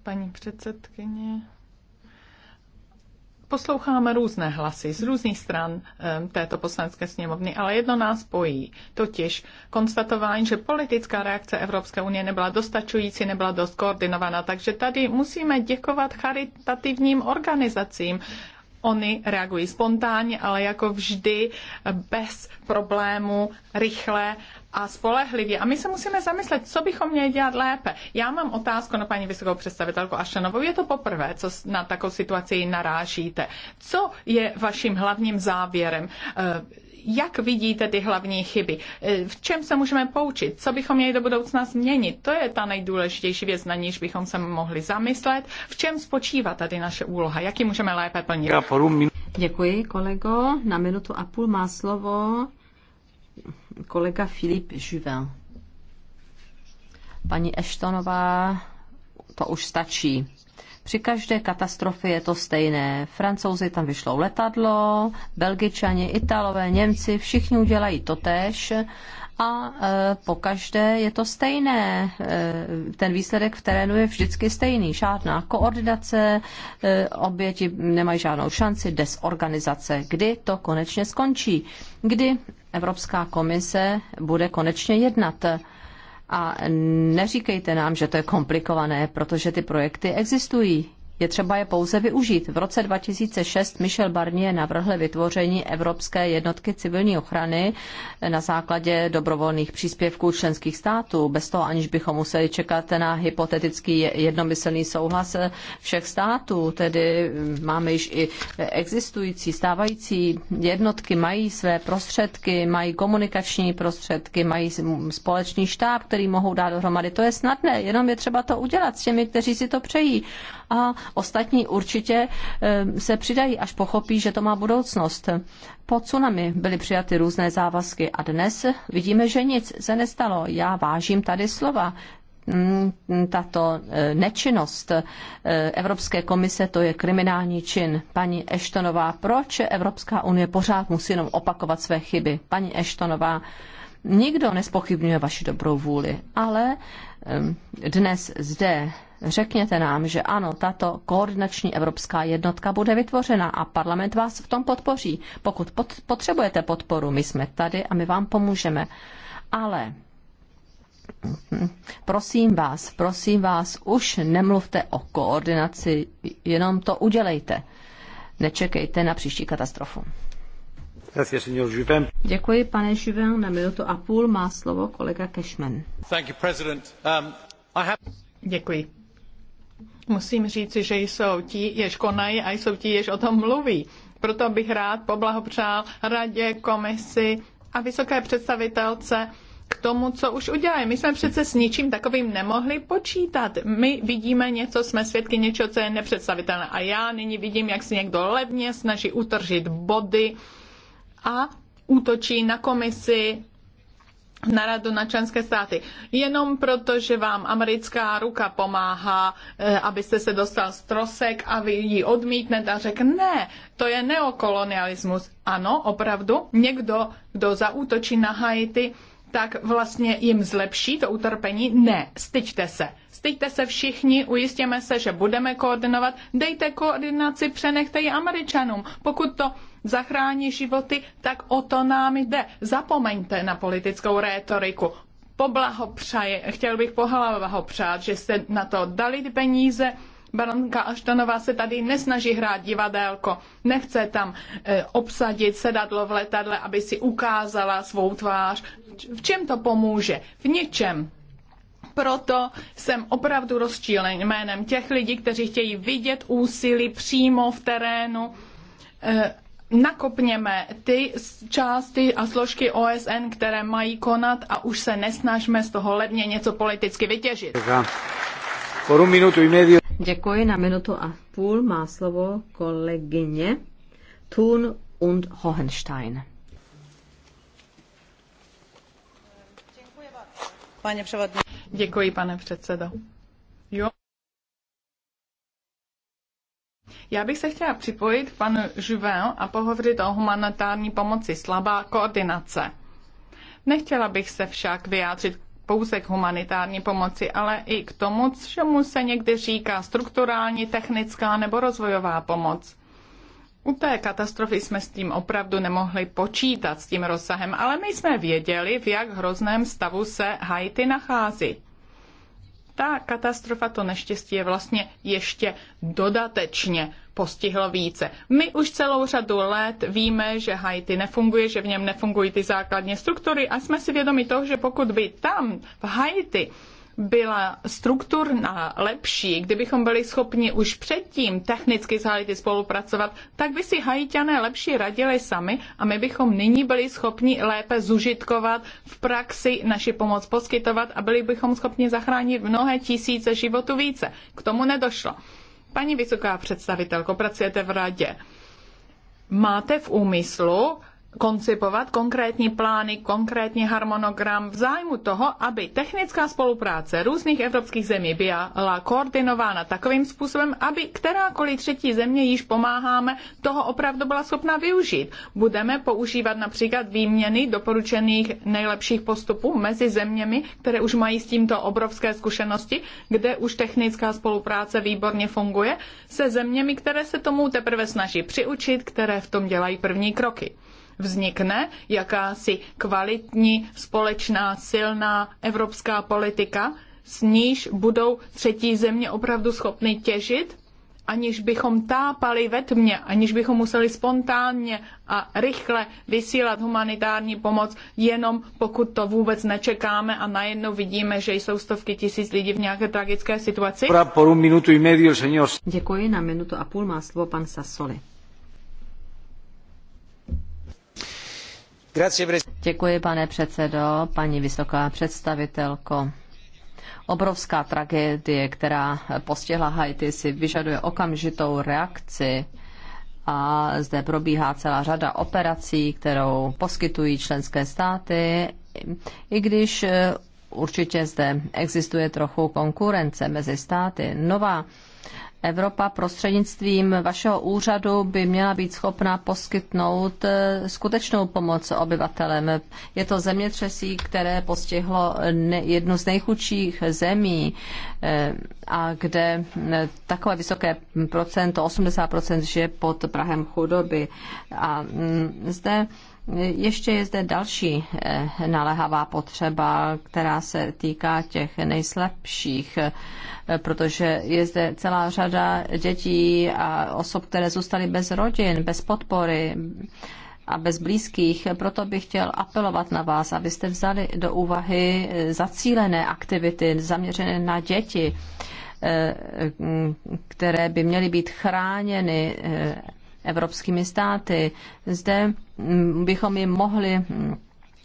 paní předsedkyně, posloucháme různé hlasy z různých stran eh, této poslanecké sněmovny, ale jedno nás spojí, totiž konstatování, že politická reakce Evropské unie nebyla dostačující, nebyla dost koordinovaná. Takže tady musíme děkovat charitativním organizacím, Oni reagují spontánně, ale jako vždy bez problému, rychle a spolehlivě. A my se musíme zamyslet, co bychom měli dělat lépe. Já mám otázku na paní vysokou představitelku Ašanovou. Je to poprvé, co na takovou situaci narážíte. Co je vaším hlavním závěrem? Eh, jak vidíte ty hlavní chyby? E, v čem se můžeme poučit? Co bychom měli do budoucna změnit? To je ta nejdůležitější věc, na níž bychom se mohli zamyslet. V čem spočívá tady naše úloha? Jak ji můžeme lépe plnit? Děkuji, kolego. Na minutu a půl má slovo kolega Filip Živel. Paní Eštonová, to už stačí. Při každé katastrofě je to stejné. Francouzi tam vyšlou letadlo, Belgičani, Italové, Němci, všichni udělají to tež a e, po každé je to stejné. E, ten výsledek v terénu je vždycky stejný. Žádná koordinace, e, oběti nemají žádnou šanci, desorganizace. Kdy to konečně skončí? Kdy Evropská komise bude konečně jednat? a neříkejte nám, že to je komplikované, protože ty projekty existují je třeba je pouze využít. V roce 2006 Michel Barnier navrhl vytvoření Evropské jednotky civilní ochrany na základě dobrovolných příspěvků členských států, bez toho aniž bychom museli čekat na hypotetický jednomyslný souhlas všech států. Tedy máme již i existující, stávající jednotky, mají své prostředky, mají komunikační prostředky, mají společný štáb, který mohou dát dohromady. To je snadné, jenom je třeba to udělat s těmi, kteří si to přejí a ostatní určitě eh, se přidají, až pochopí, že to má budoucnost. Po tsunami byly přijaty různé závazky a dnes vidíme, že nic se nestalo. Já vážím tady slova mm, tato eh, nečinnost eh, Evropské komise, to je kriminální čin. Paní Eštonová, proč Evropská unie pořád musí jenom opakovat své chyby? Paní Eštonová, nikdo nespochybňuje vaši dobrou vůli, ale dnes zde řekněte nám, že ano, tato koordinační evropská jednotka bude vytvořena a parlament vás v tom podpoří. Pokud potřebujete podporu, my jsme tady a my vám pomůžeme. Ale prosím vás, prosím vás, už nemluvte o koordinaci, jenom to udělejte. Nečekejte na příští katastrofu. Děkuji, pane Juvin. Na minutu a půl má slovo kolega Cashman. Um, Děkuji musím říci, že jsou ti, jež konají a jsou ti, jež o tom mluví. Proto bych rád poblahopřál radě, komisi a vysoké představitelce k tomu, co už udělají. My jsme přece s ničím takovým nemohli počítat. My vidíme něco, jsme svědky něčeho, co je nepředstavitelné. A já nyní vidím, jak si někdo levně snaží utržit body a útočí na komisi, na radu na členské státy. Jenom proto, že vám americká ruka pomáhá, eh, abyste se dostal z trosek a vy ji odmítnete a řekne, ne, to je neokolonialismus. Ano, opravdu, někdo, kdo zaútočí na Haiti, tak vlastně jim zlepší to utrpení? Ne, styďte se styďte se všichni, ujistěme se, že budeme koordinovat, dejte koordinaci, přenechte ji Američanům. Pokud to zachrání životy, tak o to nám jde. Zapomeňte na politickou rétoriku. Poblahopřeji, chtěl bych pohlahopřát, že jste na to dali peníze, Baronka Aštanová se tady nesnaží hrát divadélko, nechce tam e, obsadit sedadlo v letadle, aby si ukázala svou tvář. V čem to pomůže? V ničem proto jsem opravdu rozčílen jménem těch lidí, kteří chtějí vidět úsilí přímo v terénu. Eh, nakopněme ty části a složky OSN, které mají konat a už se nesnažme z toho levně něco politicky vytěžit. Děkuji. Na minutu a půl má slovo kolegyně Thun und Hohenstein. Děkuji, předsedající Děkuji, pane předsedo. Jo. Já bych se chtěla připojit k panu Juvel a pohovořit o humanitární pomoci. Slabá koordinace. Nechtěla bych se však vyjádřit pouze k humanitární pomoci, ale i k tomu, čemu se někdy říká strukturální, technická nebo rozvojová pomoc. U té katastrofy jsme s tím opravdu nemohli počítat, s tím rozsahem, ale my jsme věděli, v jak hrozném stavu se Haiti nachází. Ta katastrofa, to neštěstí je vlastně ještě dodatečně postihlo více. My už celou řadu let víme, že Haiti nefunguje, že v něm nefungují ty základní struktury a jsme si vědomi toho, že pokud by tam v Haiti byla strukturna lepší, kdybychom byli schopni už předtím technicky s Haiti spolupracovat, tak by si Haitiané lepší radili sami a my bychom nyní byli schopni lépe zužitkovat v praxi naši pomoc poskytovat a byli bychom schopni zachránit mnohé tisíce životů více. K tomu nedošlo. Paní vysoká představitelko, pracujete v radě. Máte v úmyslu koncipovat konkrétní plány, konkrétní harmonogram v zájmu toho, aby technická spolupráce různých evropských zemí byla koordinována takovým způsobem, aby kterákoliv třetí země již pomáháme, toho opravdu byla schopna využít. Budeme používat například výměny doporučených nejlepších postupů mezi zeměmi, které už mají s tímto obrovské zkušenosti, kde už technická spolupráce výborně funguje, se zeměmi, které se tomu teprve snaží přiučit, které v tom dělají první kroky vznikne jakási kvalitní, společná, silná evropská politika, s níž budou třetí země opravdu schopny těžit, aniž bychom tápali ve tmě, aniž bychom museli spontánně a rychle vysílat humanitární pomoc, jenom pokud to vůbec nečekáme a najednou vidíme, že jsou stovky tisíc lidí v nějaké tragické situaci. Děkuji, na minutu a půl má slovo pan Sassoli. Děkuji, pane předsedo, paní vysoká představitelko. Obrovská tragédie, která postihla Haiti, si vyžaduje okamžitou reakci a zde probíhá celá řada operací, kterou poskytují členské státy, i když eh, určitě zde existuje trochu konkurence mezi státy. Nová Evropa prostřednictvím vašeho úřadu by měla být schopna poskytnout eh, skutečnou pomoc obyvatelem. Je to zemětřesí, které postihlo jednu z nejchudších zemí eh, a kde eh, takové vysoké procento, 80% žije pod Prahem chudoby. A mm, zde ještě je zde další eh, naléhavá potřeba, která se týká těch nejslabších, eh, protože je zde celá řada dětí a osob, které zůstaly bez rodin, bez podpory a bez blízkých. Proto bych chtěl apelovat na vás, abyste vzali do úvahy eh, zacílené aktivity zaměřené na děti, které by měly být chráněny evropskými státy. Zde mm, bychom jim mohli mm,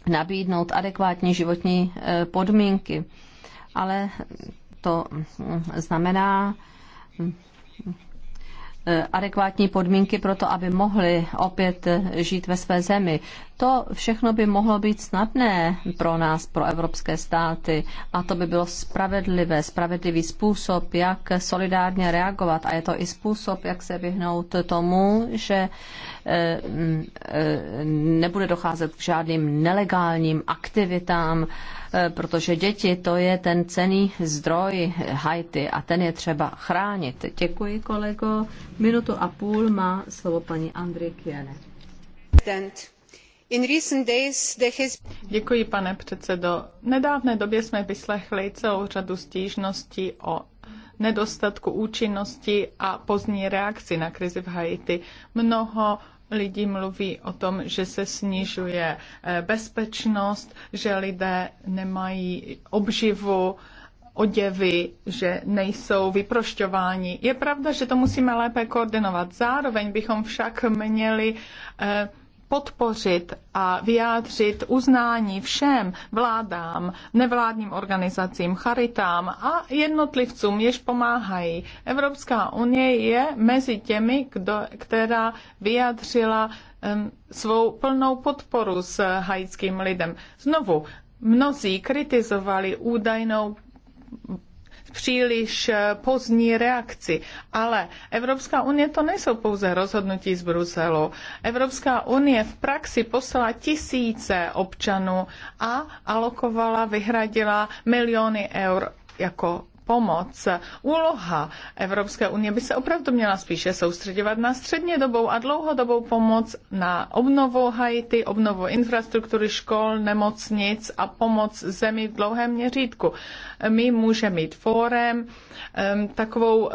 nabídnout adekvátní životní e, podmínky. Ale to mm, znamená e, adekvátní podmínky pro to, aby mohli opět e, žít ve své zemi. To všechno by mohlo být snadné pro nás, pro evropské státy, a to by bylo spravedlivé, spravedlivý způsob, jak solidárně reagovat. A je to i způsob, jak se vyhnout tomu, že eh, mm, eh, nebude docházet k žádným nelegálním aktivitám, eh, protože děti to je ten cený zdroj Haiti a ten je třeba chránit. Děkuji, kolego. Minutu a půl má slovo paní Andrie Kiene. Děkuji, pane předsedající V nedávné době jsme vyslechli celou řadu stížností o nedostatku účinnosti a pozdní reakci na krizi v Haiti. Mnoho lidí mluví o tom, že se snižuje eh, bezpečnost, že lidé nemají obživu, oděvy, že nejsou vyprošťováni. Je pravda, že to musíme lépe koordinovat. Zároveň bychom však měli eh, podpořit a vyjádřit uznání všem vládám, nevládním organizacím, charitám a jednotlivcům, jež pomáhají. Evropská unie je mezi těmi, kdo, která vyjádřila um, svou plnou podporu s haitským lidem. Znovu, mnozí kritizovali údajnou příliš eh, pozdní reakci. Ale Evropská unie to nejsou pouze rozhodnutí z Bruselu. Evropská unie v praxi poslala tisíce občanů a alokovala, vyhradila miliony eur jako pomoc. Úloha Evropské unie by se opravdu měla spíše soustředovat na středně dobou a dlouhodobou pomoc na obnovu Haiti, obnovu infrastruktury škol, nemocnic a pomoc zemi v dlouhém měřítku. My můžeme mít fórem, takovou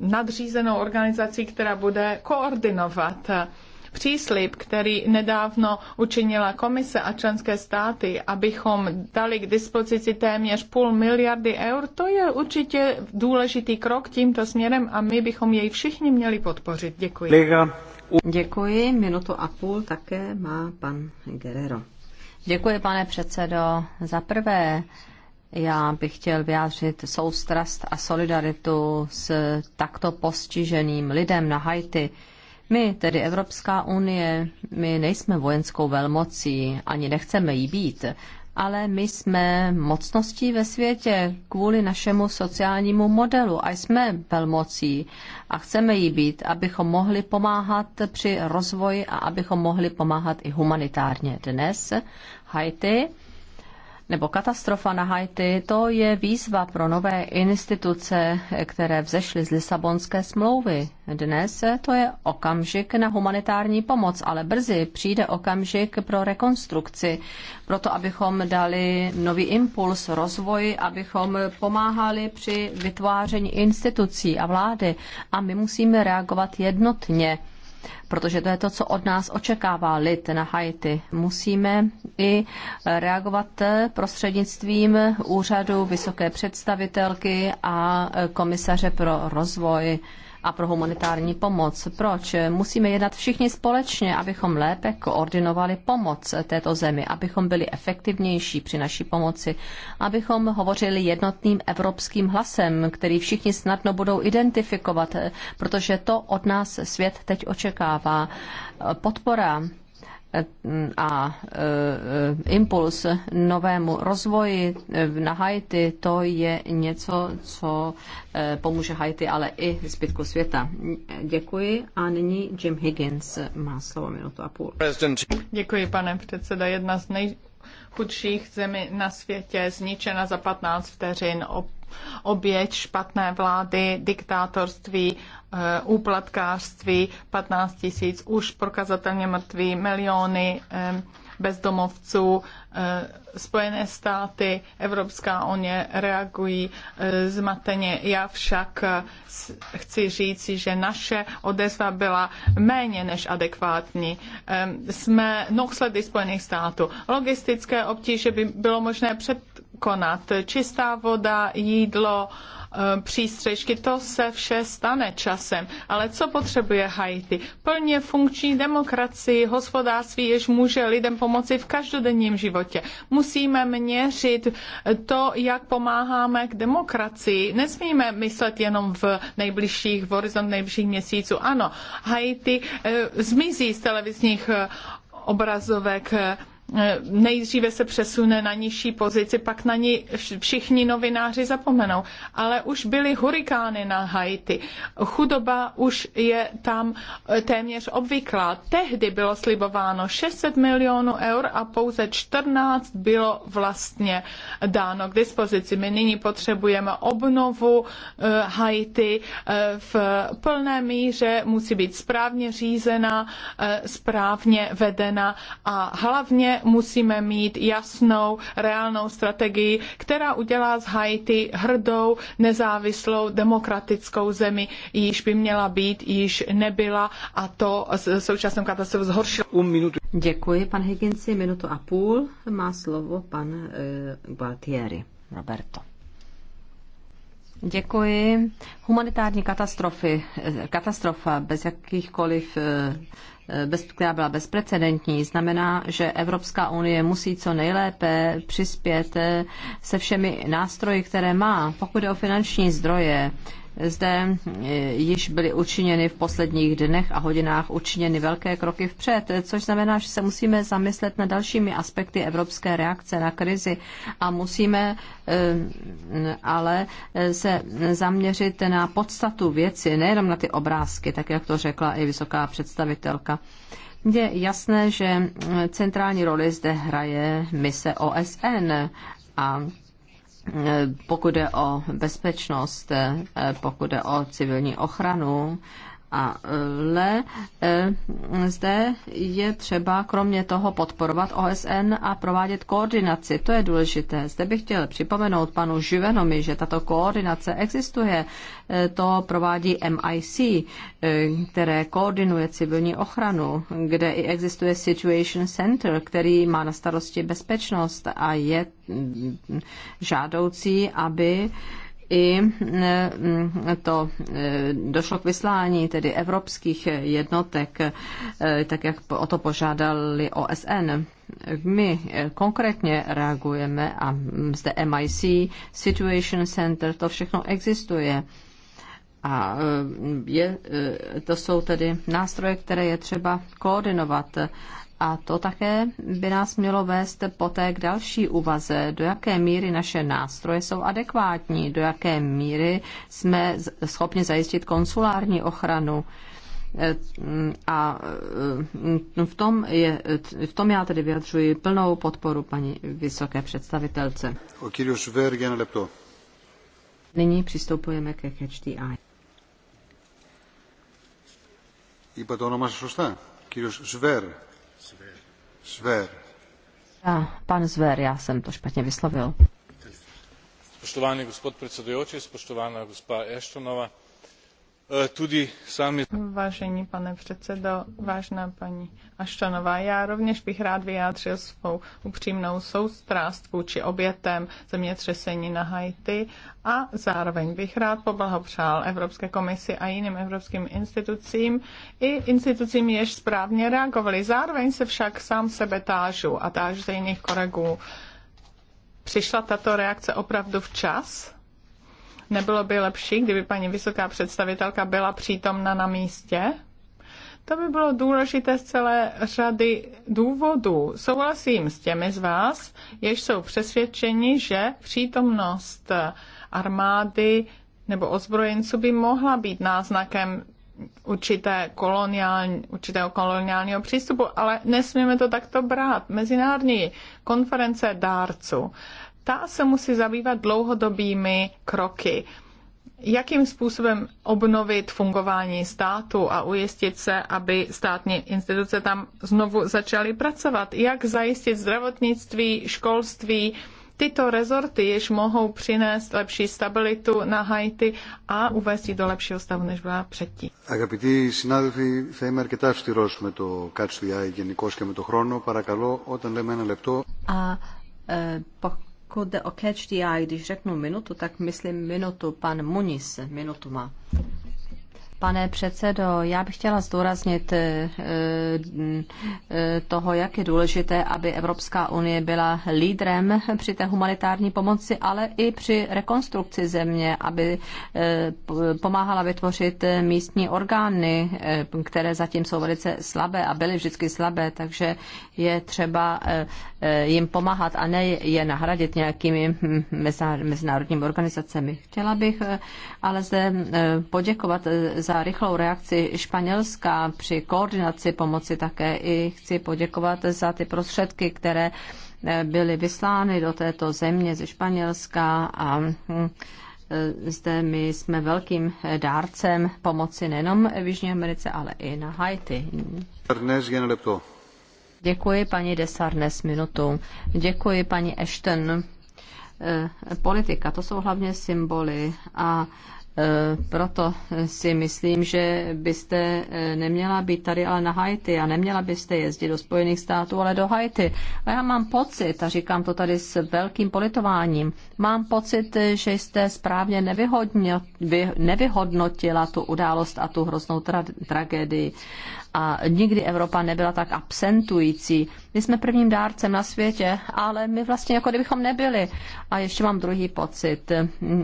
nadřízenou organizací, která bude koordinovat Příslip, který nedávno učinila komise a členské státy, abychom dali k dispozici téměř půl miliardy eur, to je určitě důležitý krok tímto směrem a my bychom jej všichni měli podpořit. Děkuji. Liga. Děkuji. Minutu a půl také má pan Guerrero. Děkuji, pane předsedo. Za prvé, já bych chtěl vyjádřit soustrast a solidaritu s takto postiženým lidem na Haiti. My, tedy Evropská unie, my nejsme vojenskou velmocí, ani nechceme jí být, ale my jsme mocností ve světě kvůli našemu sociálnímu modelu a jsme velmocí a chceme jí být, abychom mohli pomáhat při rozvoji a abychom mohli pomáhat i humanitárně. Dnes Haiti nebo katastrofa na Haiti, to je výzva pro nové instituce, které vzešly z Lisabonské smlouvy. Dnes to je okamžik na humanitární pomoc, ale brzy přijde okamžik pro rekonstrukci, proto abychom dali nový impuls rozvoji, abychom pomáhali při vytváření institucí a vlády. A my musíme reagovat jednotně protože to je to, co od nás očekává lid na Haiti. Musíme i reagovat prostřednictvím úřadu vysoké představitelky a komisaře pro rozvoj a pro humanitární pomoc. Proč? Musíme jednat všichni společně, abychom lépe koordinovali pomoc této zemi, abychom byli efektivnější při naší pomoci, abychom hovořili jednotným evropským hlasem, který všichni snadno budou identifikovat, protože to od nás svět teď očekává. Podpora a e, e, impuls novému rozvoji na Haiti, to je něco, co e, pomůže Haiti, ale i zbytku světa. Děkuji a nyní Jim Higgins má slovo minutu a půl. Děkuji, pane předseda. Jedna z nejchudších zemí na světě, zničena za 15 vteřin, oběť špatné vlády, diktátorství, eh, úplatkářství, 15 tisíc už prokazatelně mrtví, miliony eh, bezdomovců, eh, Spojené státy, Evropská unie reagují zmateně. Já však chci říci, že naše odezva byla méně než adekvátní. Jsme nohsledy Spojených států. Logistické obtíže by bylo možné před konat. Čistá voda, jídlo, e, přístřežky, to se vše stane časem. Ale co potřebuje Haiti? Plně funkční demokracii, hospodářství, jež může lidem pomoci v každodenním životě. Musíme měřit to, jak pomáháme k demokracii. Nesmíme myslet jenom v nejbližších, v horizont nejbližších měsíců. Ano, Haiti e, zmizí z televizních e, obrazovek Eh, nejdříve se přesune na nižší pozici, pak na ní všichni novináři zapomenou. Ale už byly hurikány na Haiti. Chudoba už je tam eh, téměř obvyklá. Tehdy bylo slibováno 600 milionů eur a pouze 14 bylo vlastně dáno k dispozici. My nyní potřebujeme obnovu eh, Haiti v plné míře, musí být správně řízena, správně vedena a hlavně musíme mít jasnou, reálnou strategii, která udělá z Haiti hrdou, nezávislou, demokratickou zemi, již by měla být, již nebyla a to současnou katastrofu zhoršilo. Um, Děkuji, pan Higginsi, minutu a půl má slovo pan e, Gualtieri. Roberto. Děkuji. Humanitární katastrofy, eh, katastrofa bez jakýchkoliv eh, bez, která byla bezprecedentní, znamená, že Evropská unie musí co nejlépe přispět se všemi nástroji, které má. Pokud je o finanční zdroje, zde eh, již byly učiněny v posledních dnech a hodinách učiněny velké kroky vpřed, což znamená, že se musíme zamyslet na dalšími aspekty evropské reakce na krizi a musíme eh, ale eh, se zaměřit na podstatu věci, nejenom na ty obrázky, tak jak to řekla i vysoká představitelka. Je jasné, že centrální roli zde hraje mise OSN a Eh, pokud jde o bezpečnost, eh, pokud jde o civilní ochranu ale e, e, zde je třeba kromě toho podporovat OSN a provádět koordinaci. To je důležité. Zde bych chtěl připomenout panu Živenomi, že tato koordinace existuje. E, to provádí MIC, které koordinuje civilní ochranu, kde i existuje Situation Center, který má na starosti bezpečnost a je žádoucí, aby i mm, to mm, došlo k vyslání tedy evropských jednotek, eh, tak jak o to požádali OSN. My eh, konkrétně reagujeme a mm, zde MIC, Situation Center, to všechno existuje. A eh, je, to jsou tedy nástroje, které je třeba koordinovat a to také by nás mělo vést poté k další úvaze, do jaké míry naše nástroje jsou adekvátní, do jaké míry jsme schopni zajistit konsulární ochranu. E, a e, v tom, je, e, v tom já tedy vyjadřuji plnou podporu paní vysoké představitelce. Nyní přistupujeme ke HDI. Είπα το όνομα σας σωστά, κύριος Σβέρ. Sver. A, pan Zver, já jsem to špatně vyslovil. Spoštovani gospod predsedujoči, spoštovana gospa Eštonova. Eh, tudy sami. Vážení pane předsedo, vážná paní Aštanová, já rovněž bych rád vyjádřil svou upřímnou soustrast vůči obětem zemětřesení na Haiti a zároveň bych rád poblahopřál Evropské komisi a jiným evropským institucím i institucím, jež správně reagovali. Zároveň se však sám sebe tážu a tážu se jiných kolegů. Přišla tato reakce opravdu včas? Nebylo by lepší, kdyby paní vysoká představitelka byla přítomna na místě? To by bylo důležité z celé řady důvodů. Souhlasím s těmi z vás, jež jsou přesvědčeni, že přítomnost armády nebo ozbrojenců by mohla být náznakem určité koloniální, určitého koloniálního přístupu, ale nesmíme to takto brát. Mezinárodní konference dárců ta se musí zabývat dlouhodobými kroky. Jakým způsobem obnovit fungování státu a ujistit se, aby státní instituce tam znovu začaly pracovat? Jak zajistit zdravotnictví, školství, tyto rezorty, jež mohou přinést lepší stabilitu na Haiti a uvést ji do lepšího stavu, než byla předtím. Αγαπητοί συνάδελφοι, θα είμαι αρκετά αυστηρό με το Catch γενικώ και με το χρόνο. Παρακαλώ, όταν λέμε ένα λεπτό. A, ε, jako jde o catch the eye, když řeknu minutu, tak myslím minutu. Pan Muniz, minutu má. Pane předsedo, já bych chtěla zdůraznit eh, eh, toho, jak je důležité, aby Evropská unie byla lídrem při té humanitární pomoci, ale i při rekonstrukci země, aby eh, pomáhala vytvořit místní orgány, které zatím jsou velice slabé a byly vždycky slabé, takže je třeba jim pomáhat a ne je nahradit nějakými hm, mezinárodními organizacemi. Chtěla bych ale zde poděkovat za za rychlou reakci Španělska při koordinaci pomoci také i chci poděkovat za ty prostředky, které eh, byly vyslány do této země ze Španělska a hm, eh, zde my jsme velkým eh, dárcem pomoci nejenom v Jižní Americe, ale i na Haiti. Děkuji paní Desarnes minutu. Děkuji paní Ashton politika, to jsou hlavně symboly a Eh, proto si myslím, že byste eh, neměla být tady ale na Haiti a neměla byste jezdit do Spojených států, ale do Haiti. A já mám pocit, a říkám to tady s velkým politováním, mám pocit, že jste správně nevyhodnotila tu událost a tu hroznou tra- tragédii a nikdy Evropa nebyla tak absentující. My jsme prvním dárcem na světě, ale my vlastně jako kdybychom nebyli. A ještě mám druhý pocit.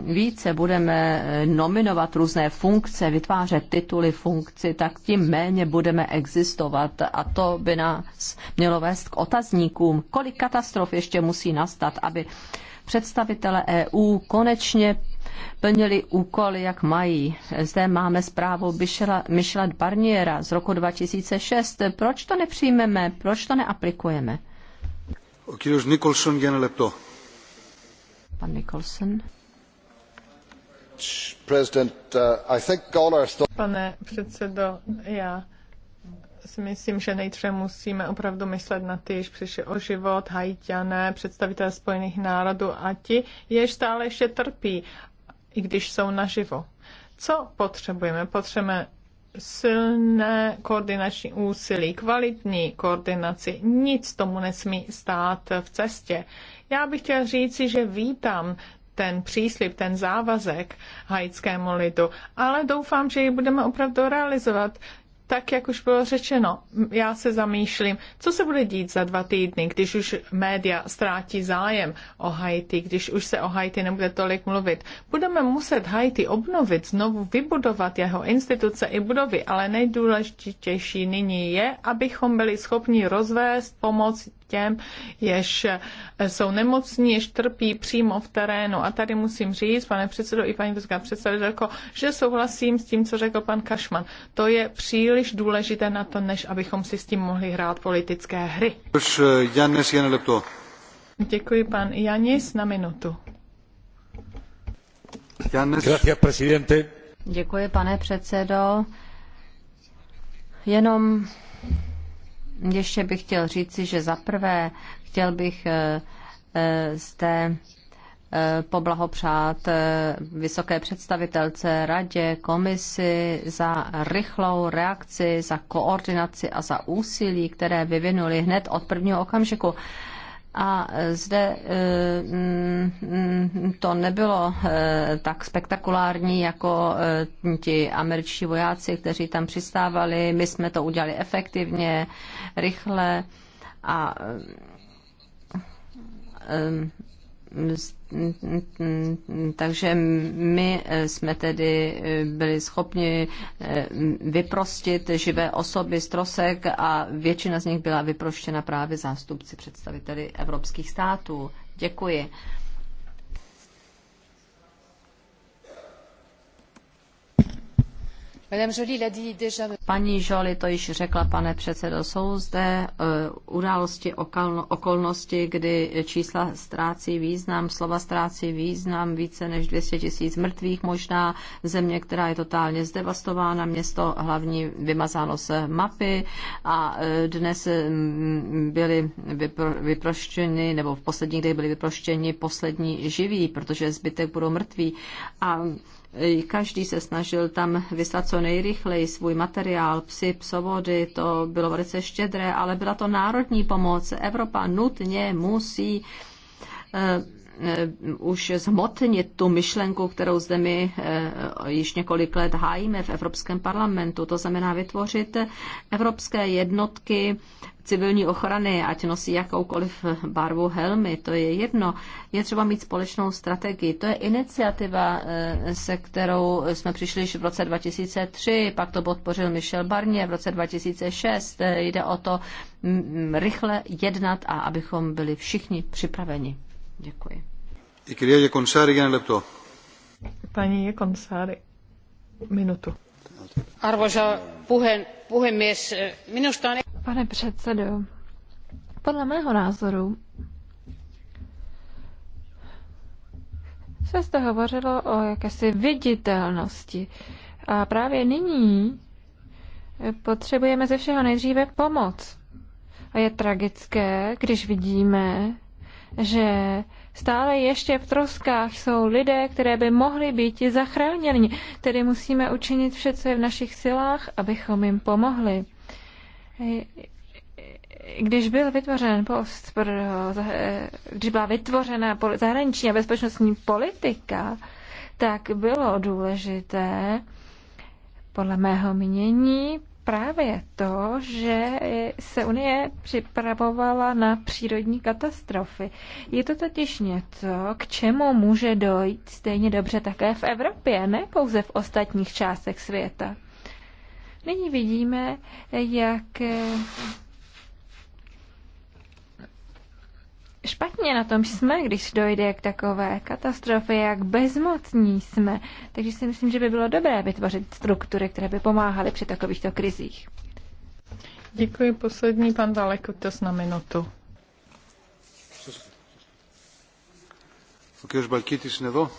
Více budeme nominovat různé funkce, vytvářet tituly funkci, tak tím méně budeme existovat. A to by nás mělo vést k otazníkům. Kolik katastrof ještě musí nastat, aby představitele EU konečně plnili úkoly, jak mají. Zde máme zprávu Michela Barniera z roku 2006. Proč to nepřijmeme? Proč to neaplikujeme? Nicholson, lepto. Pan Nicholson. Uh, Pane předsedo, já si myslím, že nejdříve musíme opravdu myslet na ty, jež přišli o život, hajťané, představitelé Spojených národů a ti, jež stále ještě trpí i když jsou naživo. Co potřebujeme? Potřebujeme silné koordinační úsilí, kvalitní koordinaci. Nic tomu nesmí stát v cestě. Já bych chtěl říci, že vítám ten příslip, ten závazek haitskému lidu, ale doufám, že ji budeme opravdu realizovat tak jak už bylo řečeno, já se zamýšlím, co se bude dít za dva týdny, když už média ztrátí zájem o Haiti, když už se o Haiti nebude tolik mluvit. Budeme muset Haiti obnovit, znovu vybudovat jeho instituce i budovy, ale nejdůležitější nyní je, abychom byli schopni rozvést pomoc těm, jež jsou nemocní, jež trpí přímo v terénu. A tady musím říct, pane předsedo i paní vysoká představitelko, že souhlasím s tím, co řekl pan Kašman. To je příliš důležité na to, než abychom si s tím mohli hrát politické hry. Děkuji, pan Janis, na minutu. Děkuji, pane předsedo. Jenom ještě bych chtěl říci, že za prvé chtěl bych eh, eh, zde eh, poblahopřát vysoké představitelce radě, komisi za rychlou reakci, za koordinaci a za úsilí, které vyvinuli hned od prvního okamžiku. A e, zde e, to nebylo e, tak spektakulární jako ti američtí vojáci, kteří tam přistávali. My jsme to udělali efektivně, rychle a takže my eh, jsme tedy eh, byli schopni eh, vyprostit živé osoby z trosek a většina z nich byla vyproštěna právě zástupci představiteli evropských států. Děkuji. Paní Žoli to již řekla, pane předsedo, jsou zde eh, události, okolnosti, kdy čísla ztrácí význam, slova ztrácí význam, více než 200 tisíc mrtvých možná, země, která je totálně zdevastována, město hlavní vymazáno z mapy a eh, dnes mm, byly vyproštěny, nebo v posledních dnech byly vyproštěni poslední živí, protože zbytek budou mrtví. A Každý se snažil tam vyslat co nejrychleji svůj materiál, psy, psovody, to bylo velice štědré, ale byla to národní pomoc. Evropa nutně musí eh, Eh, už zmotnit tu myšlenku, kterou zde my eh, již několik let hájíme v Evropském parlamentu. To znamená vytvořit evropské jednotky civilní ochrany, ať nosí jakoukoliv barvu helmy, to je jedno. Je třeba mít společnou strategii. To je iniciativa, eh, se kterou jsme přišli v roce 2003, pak to podpořil Michel Barnier v roce 2006. Jde o to mm, mm, rychle jednat a abychom byli všichni připraveni. Děkuji. I je Γεκονσάρη για ένα λεπτό. Paní Γεκονσάρη, minutu. Arvoisa puhe, puhemies, minusta on... Pane předsedo, podle mého názoru se zde hovořilo o jakési viditelnosti. A právě nyní potřebujeme ze všeho nejdříve pomoc. A je tragické, když vidíme, že stále ještě v troskách jsou lidé, které by mohli být zachráněni. Tedy musíme učinit vše, co je v našich silách, abychom jim pomohli. Když byl vytvořen post pro, když byla vytvořena zahraniční a bezpečnostní politika, tak bylo důležité podle mého mínění právě to, že se Unie připravovala na přírodní katastrofy. Je to totiž něco, k čemu může dojít stejně dobře také v Evropě, ne pouze v ostatních částech světa. Nyní vidíme, jak špatně na tom jsme, když dojde k takové katastrofě, jak bezmocní jsme. Takže si myslím, že by bylo dobré vytvořit struktury, které by pomáhaly při takovýchto krizích. Děkuji. Poslední pan Valekotas na minutu. O Balkitis nedo.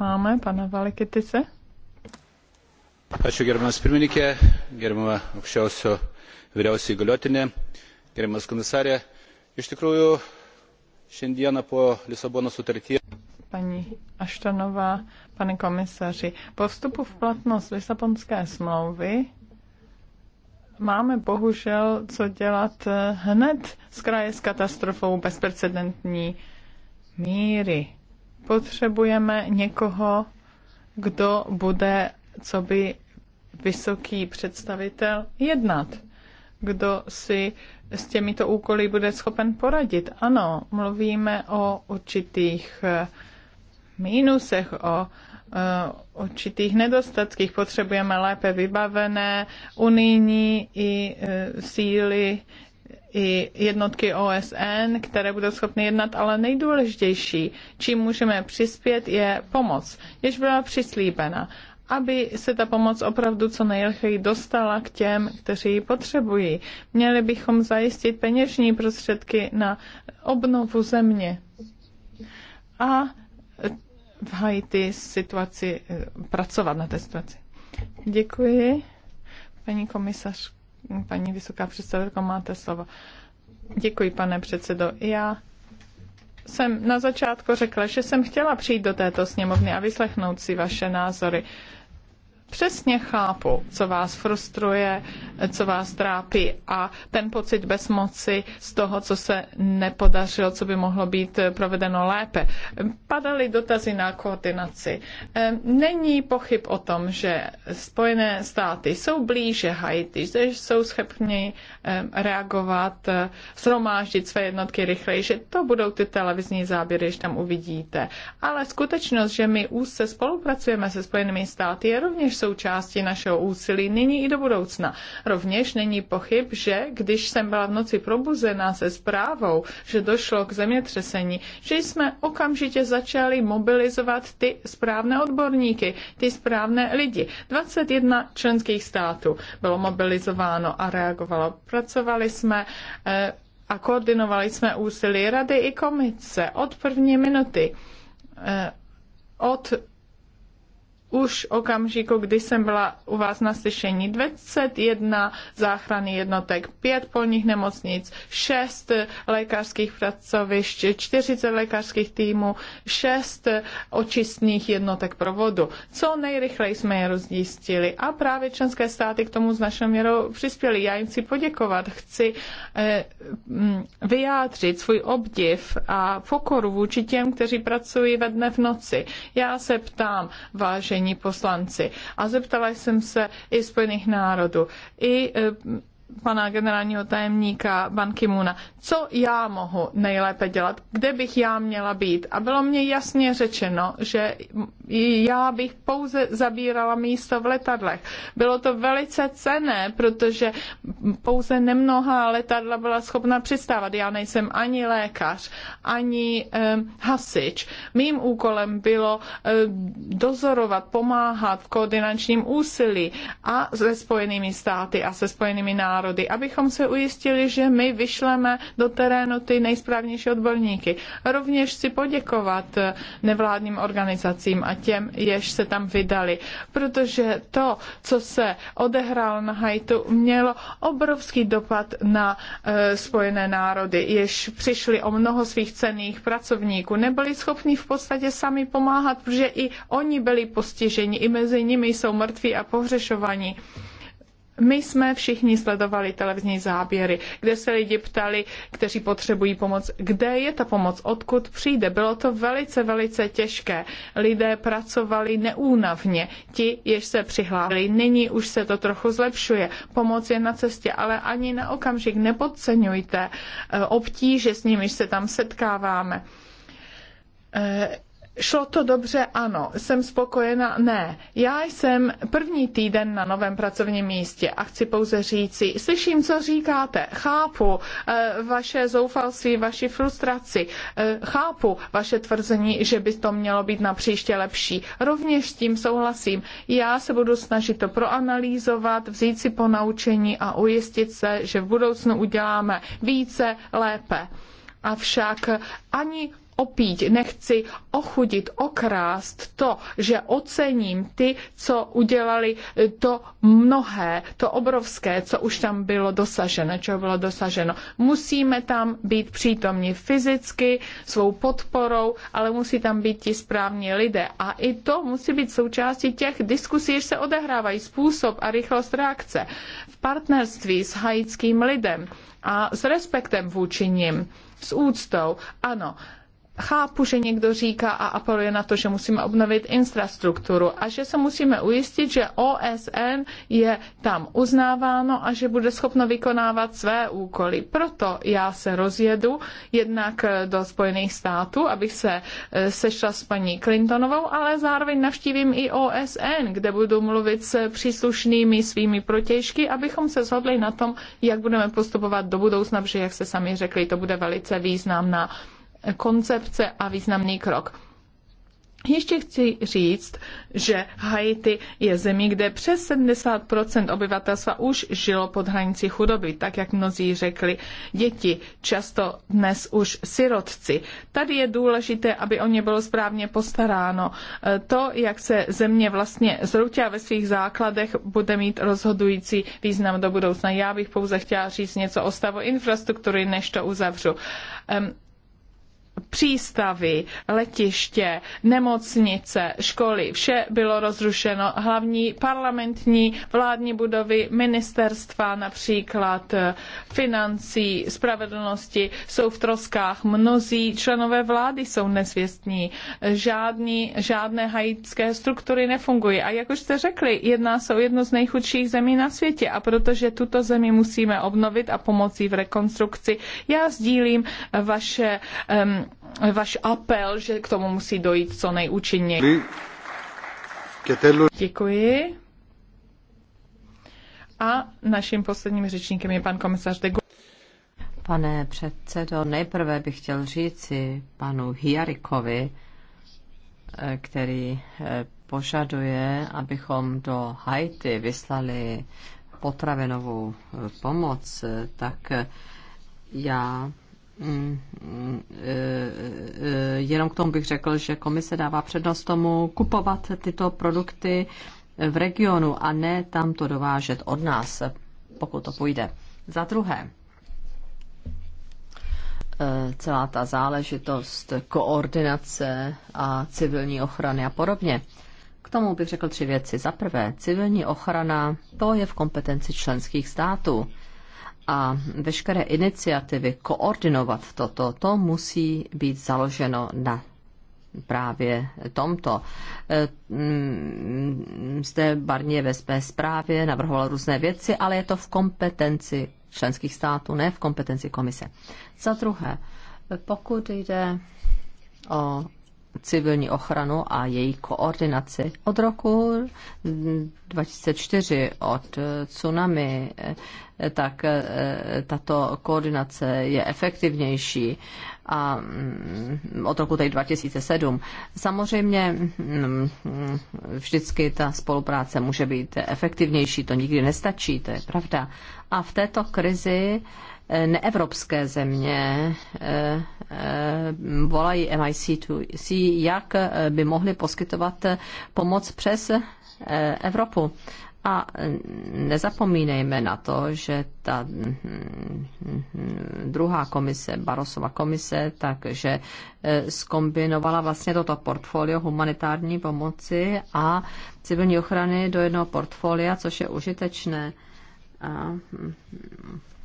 Máme pana Valikitise. Ačiū gerbiamas pirmininkė, gerbiama aukščiausio vyriausiai galiotinė, gerbiamas komisarė iš tikrųjų šiandieną po Lisabonos sutarties. Paní Aštanová, pane komisaři, po vstupu v platnost Lisabonské smlouvy máme bohužel co dělat hned z kraje s katastrofou bezprecedentní míry. Potřebujeme někoho, kdo bude, co by vysoký představitel jednat, kdo si uh, s těmito úkoly bude schopen poradit. Ano, mluvíme o určitých eh, mínusech, o eh, určitých nedostatcích. Potřebujeme lépe vybavené unijní i eh, síly, i jednotky OSN, které budou schopny jednat, ale nejdůležitější, čím můžeme přispět, je pomoc, jež byla přislíbena aby se ta pomoc opravdu co nejrychleji dostala k těm, kteří ji potřebují. Měli bychom zajistit peněžní prostředky na obnovu země. A v Haiti situaci, eh, pracovat na té situaci. Děkuji. Paní komisař, paní vysoká představitelko, máte slovo. Děkuji, pane předsedo. Já jsem na začátku řekla, že jsem chtěla přijít do této sněmovny a vyslechnout si vaše názory přesně chápu, co vás frustruje, co vás trápí a ten pocit bezmoci z toho, co se nepodařilo, co by mohlo být provedeno lépe. Padaly dotazy na koordinaci. Není pochyb o tom, že Spojené státy jsou blíže Haiti, že jsou schopni reagovat, eh, sromáždit své jednotky rychleji, že to budou ty televizní záběry, když tam uvidíte. Ale skutečnost, že my úzce spolupracujeme se Spojenými státy, je rovněž součástí našeho úsilí nyní i do budoucna. Rovněž není pochyb, že když jsem byla v noci probuzena se zprávou, že došlo k zemětřesení, že jsme okamžitě začali mobilizovat ty správné odborníky, ty správné lidi. 21 členských států bylo mobilizováno a reagovalo. Pracovali jsme eh, a koordinovali jsme úsilí rady i komice od první minuty. Eh, od už okamžiku, kdy jsem byla u vás na slyšení. 21 záchranných jednotek, 5 polních nemocnic, 6 lékařských pracovišť, 40 lékařských týmů, 6 očistných jednotek provodu. Co nejrychleji jsme je rozdístili a právě členské státy k tomu našem měrou přispěli. Já jim chci poděkovat, chci eh, mm, vyjádřit svůj obdiv a pokoru vůči těm, kteří pracují ve dne v noci. Já se ptám, vážení poslanci. A zeptala jsem se i Spojených národů, i eh, pana generálního tajemníka Ban Ki-moona, co já mohu nejlépe dělat, kde bych já měla být. A bylo mě jasně řečeno, že já bych pouze zabírala místo v letadlech. Bylo to velice cené, protože pouze nemnohá letadla byla schopna přistávat. Já nejsem ani lékař, ani eh, hasič. Mým úkolem bylo eh, dozorovat, pomáhat v koordinačním úsilí a se spojenými státy a se spojenými národy národy, abychom se ujistili, že my vyšleme do terénu ty nejsprávnější odborníky. Rovněž si poděkovat nevládním organizacím a těm, jež se tam vydali, protože to, co se odehrálo na Haitu, mělo obrovský dopad na eh, Spojené národy, jež přišli o mnoho svých cených pracovníků, nebyli schopni v podstatě sami pomáhat, protože i oni byli postiženi, i mezi nimi jsou mrtví a pohřešovaní. My jsme všichni sledovali televizní záběry, kde se lidi ptali, kteří potřebují pomoc, kde je ta pomoc, odkud přijde. Bylo to velice, velice těžké. Lidé pracovali neúnavně. Ti, jež se přihlásili, nyní už se to trochu zlepšuje. Pomoc je na cestě, ale ani na okamžik nepodceňujte eh, obtíže, s nimiž se tam setkáváme eh, Šlo to dobře? Ano. Jsem spokojena? Ne. Já jsem první týden na novém pracovním místě a chci pouze říci, slyším, co říkáte, chápu eh, vaše zoufalství, vaši frustraci, eh, chápu vaše tvrzení, že by to mělo být na příště lepší. Rovněž s tím souhlasím. Já se budu snažit to proanalýzovat, vzít si po naučení a ujistit se, že v budoucnu uděláme více, lépe. Avšak ani opít, nechci ochudit, okrást to, že ocením ty, co udělali to mnohé, to obrovské, co už tam bylo dosaženo, co bylo dosaženo. Musíme tam být přítomni fyzicky, svou podporou, ale musí tam být ti správní lidé. A i to musí být součástí těch diskusí, že se odehrávají, způsob a rychlost reakce v partnerství s haitským lidem a s respektem vůči nim, s úctou. Ano, Chápu, že někdo říká a apeluje na to, že musíme obnovit infrastrukturu a že se musíme ujistit, že OSN je tam uznáváno a že bude schopno vykonávat své úkoly. Proto já se rozjedu jednak do Spojených států, abych se eh, sešla s paní Clintonovou, ale zároveň navštívím i OSN, kde budu mluvit s příslušnými svými protěžky, abychom se shodli na tom, jak budeme postupovat do budoucna, protože jak se sami řekli, to bude velice významná koncepce a významný krok. Ještě chci říct, že Haiti je zemí, kde přes 70 obyvatelstva už žilo pod hranicí chudoby, tak jak mnozí řekli, děti, často dnes už sirotci. Tady je důležité, aby o ně bylo správně postaráno. To, jak se země vlastně zrutí ve svých základech, bude mít rozhodující význam do budoucna. Já bych pouze chtěla říct něco o stavu infrastruktury, než to uzavřu přístavy, letiště, nemocnice, školy, vše bylo rozrušeno. Hlavní parlamentní vládní budovy, ministerstva například eh, financí, spravedlnosti jsou v troskách. Mnozí členové vlády jsou nezvěstní. Žádný, žádné haitské struktury nefungují. A jak už jste řekli, jedná se o jednu z nejchudších zemí na světě a protože tuto zemi musíme obnovit a pomocí v rekonstrukci, já sdílím eh, vaše um, váš apel, že k tomu musí dojít co nejúčinněji. Děkuji. A naším posledním řečníkem je pan komisař de Pane předsedo, nejprve bych chtěl říci panu Hiarikovi, který eh, požaduje, abychom do Haiti vyslali potravinovou eh, pomoc, eh, tak já Mm, mm, e, e, jenom k tomu bych řekl, že komise dává přednost tomu kupovat tyto produkty v regionu a ne tam to dovážet od nás, pokud to půjde. Za druhé, e, celá ta záležitost koordinace a civilní ochrany a podobně. K tomu bych řekl tři věci. Za prvé, civilní ochrana, to je v kompetenci členských států a veškeré iniciativy koordinovat toto, to musí být založeno na právě tomto. E, mm, zde Barnier ve své zprávě navrhoval různé věci, ale je to v kompetenci členských států, ne v kompetenci komise. Za druhé, pokud jde o civilní ochranu a její koordinaci. Od roku mm, 2004, od tsunami, tak eh, tato koordinace je efektivnější a mm, od roku teď 2007. Samozřejmě mm, vždycky ta spolupráce může být efektivnější, to nikdy nestačí, to je pravda. A v této krizi eh, neevropské země eh, volají MIC2C, jak by mohly poskytovat pomoc přes Evropu. A nezapomínejme na to, že ta hm, druhá komise, Barosova komise, takže skombinovala eh, vlastně toto portfolio humanitární pomoci a civilní ochrany do jednoho portfolia, což je užitečné. A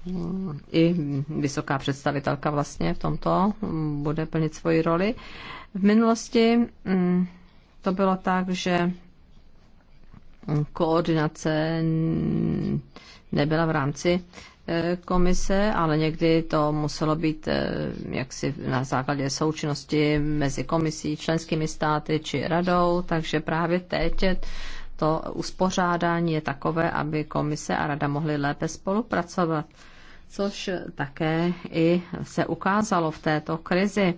hm, i vysoká představitelka vlastně v tomto hm, bude plnit svoji roli. V minulosti to bylo tak, že koordinace nebyla v rámci e, komise, ale někdy to muselo být e, jaksi na základě součinnosti mezi komisí, členskými státy či radou, takže právě teď to uspořádání je takové, aby komise a rada mohly lépe spolupracovat, což také i se ukázalo v této krizi,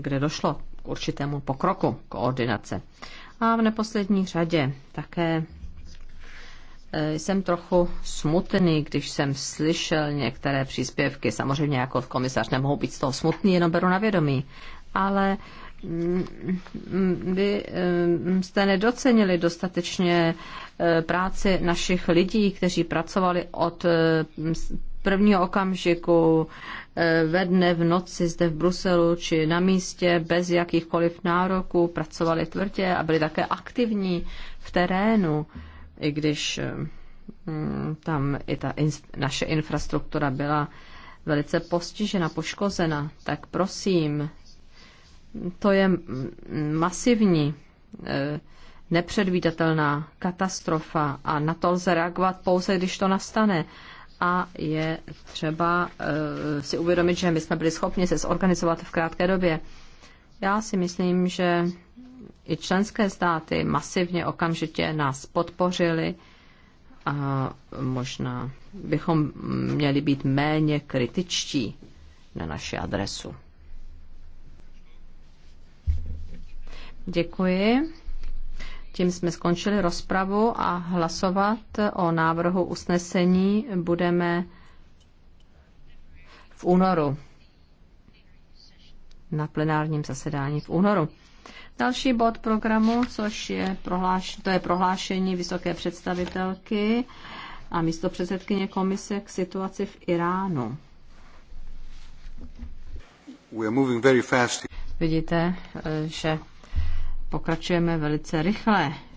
kde došlo k určitému pokroku koordinace. A v neposlední řadě také e, jsem trochu smutný, když jsem slyšel některé příspěvky. Samozřejmě jako komisař nemohu být z toho smutný, jenom beru na vědomí. Ale mm, mm, vy mm, jste nedocenili dostatečně e, práci našich lidí, kteří pracovali od e, prvního okamžiku eh, ve dne, v noci zde v Bruselu či na místě bez jakýchkoliv nároků, pracovali tvrdě a byli také aktivní v terénu, i když eh, mm, tam i ta naše infrastruktura byla velice postižena, poškozena, tak prosím, to je mm, masivní, eh, nepředvídatelná katastrofa a na to lze reagovat pouze, když to nastane a je třeba eh, si uvědomit, že my jsme byli schopni se zorganizovat v krátké době. Já si myslím, že i členské státy masivně okamžitě nás podpořili a možná bychom měli být méně kritičtí na naši adresu. Děkuji. Tím jsme skončili rozpravu a hlasovat o návrhu usnesení budeme v únoru. Na plenárním zasedání v únoru. Další bod programu, což je, prohláš, to je prohlášení vysoké představitelky a místo předsedkyně komise k situaci v Iránu. Vidíte, eh, že pokračujeme velice rychle.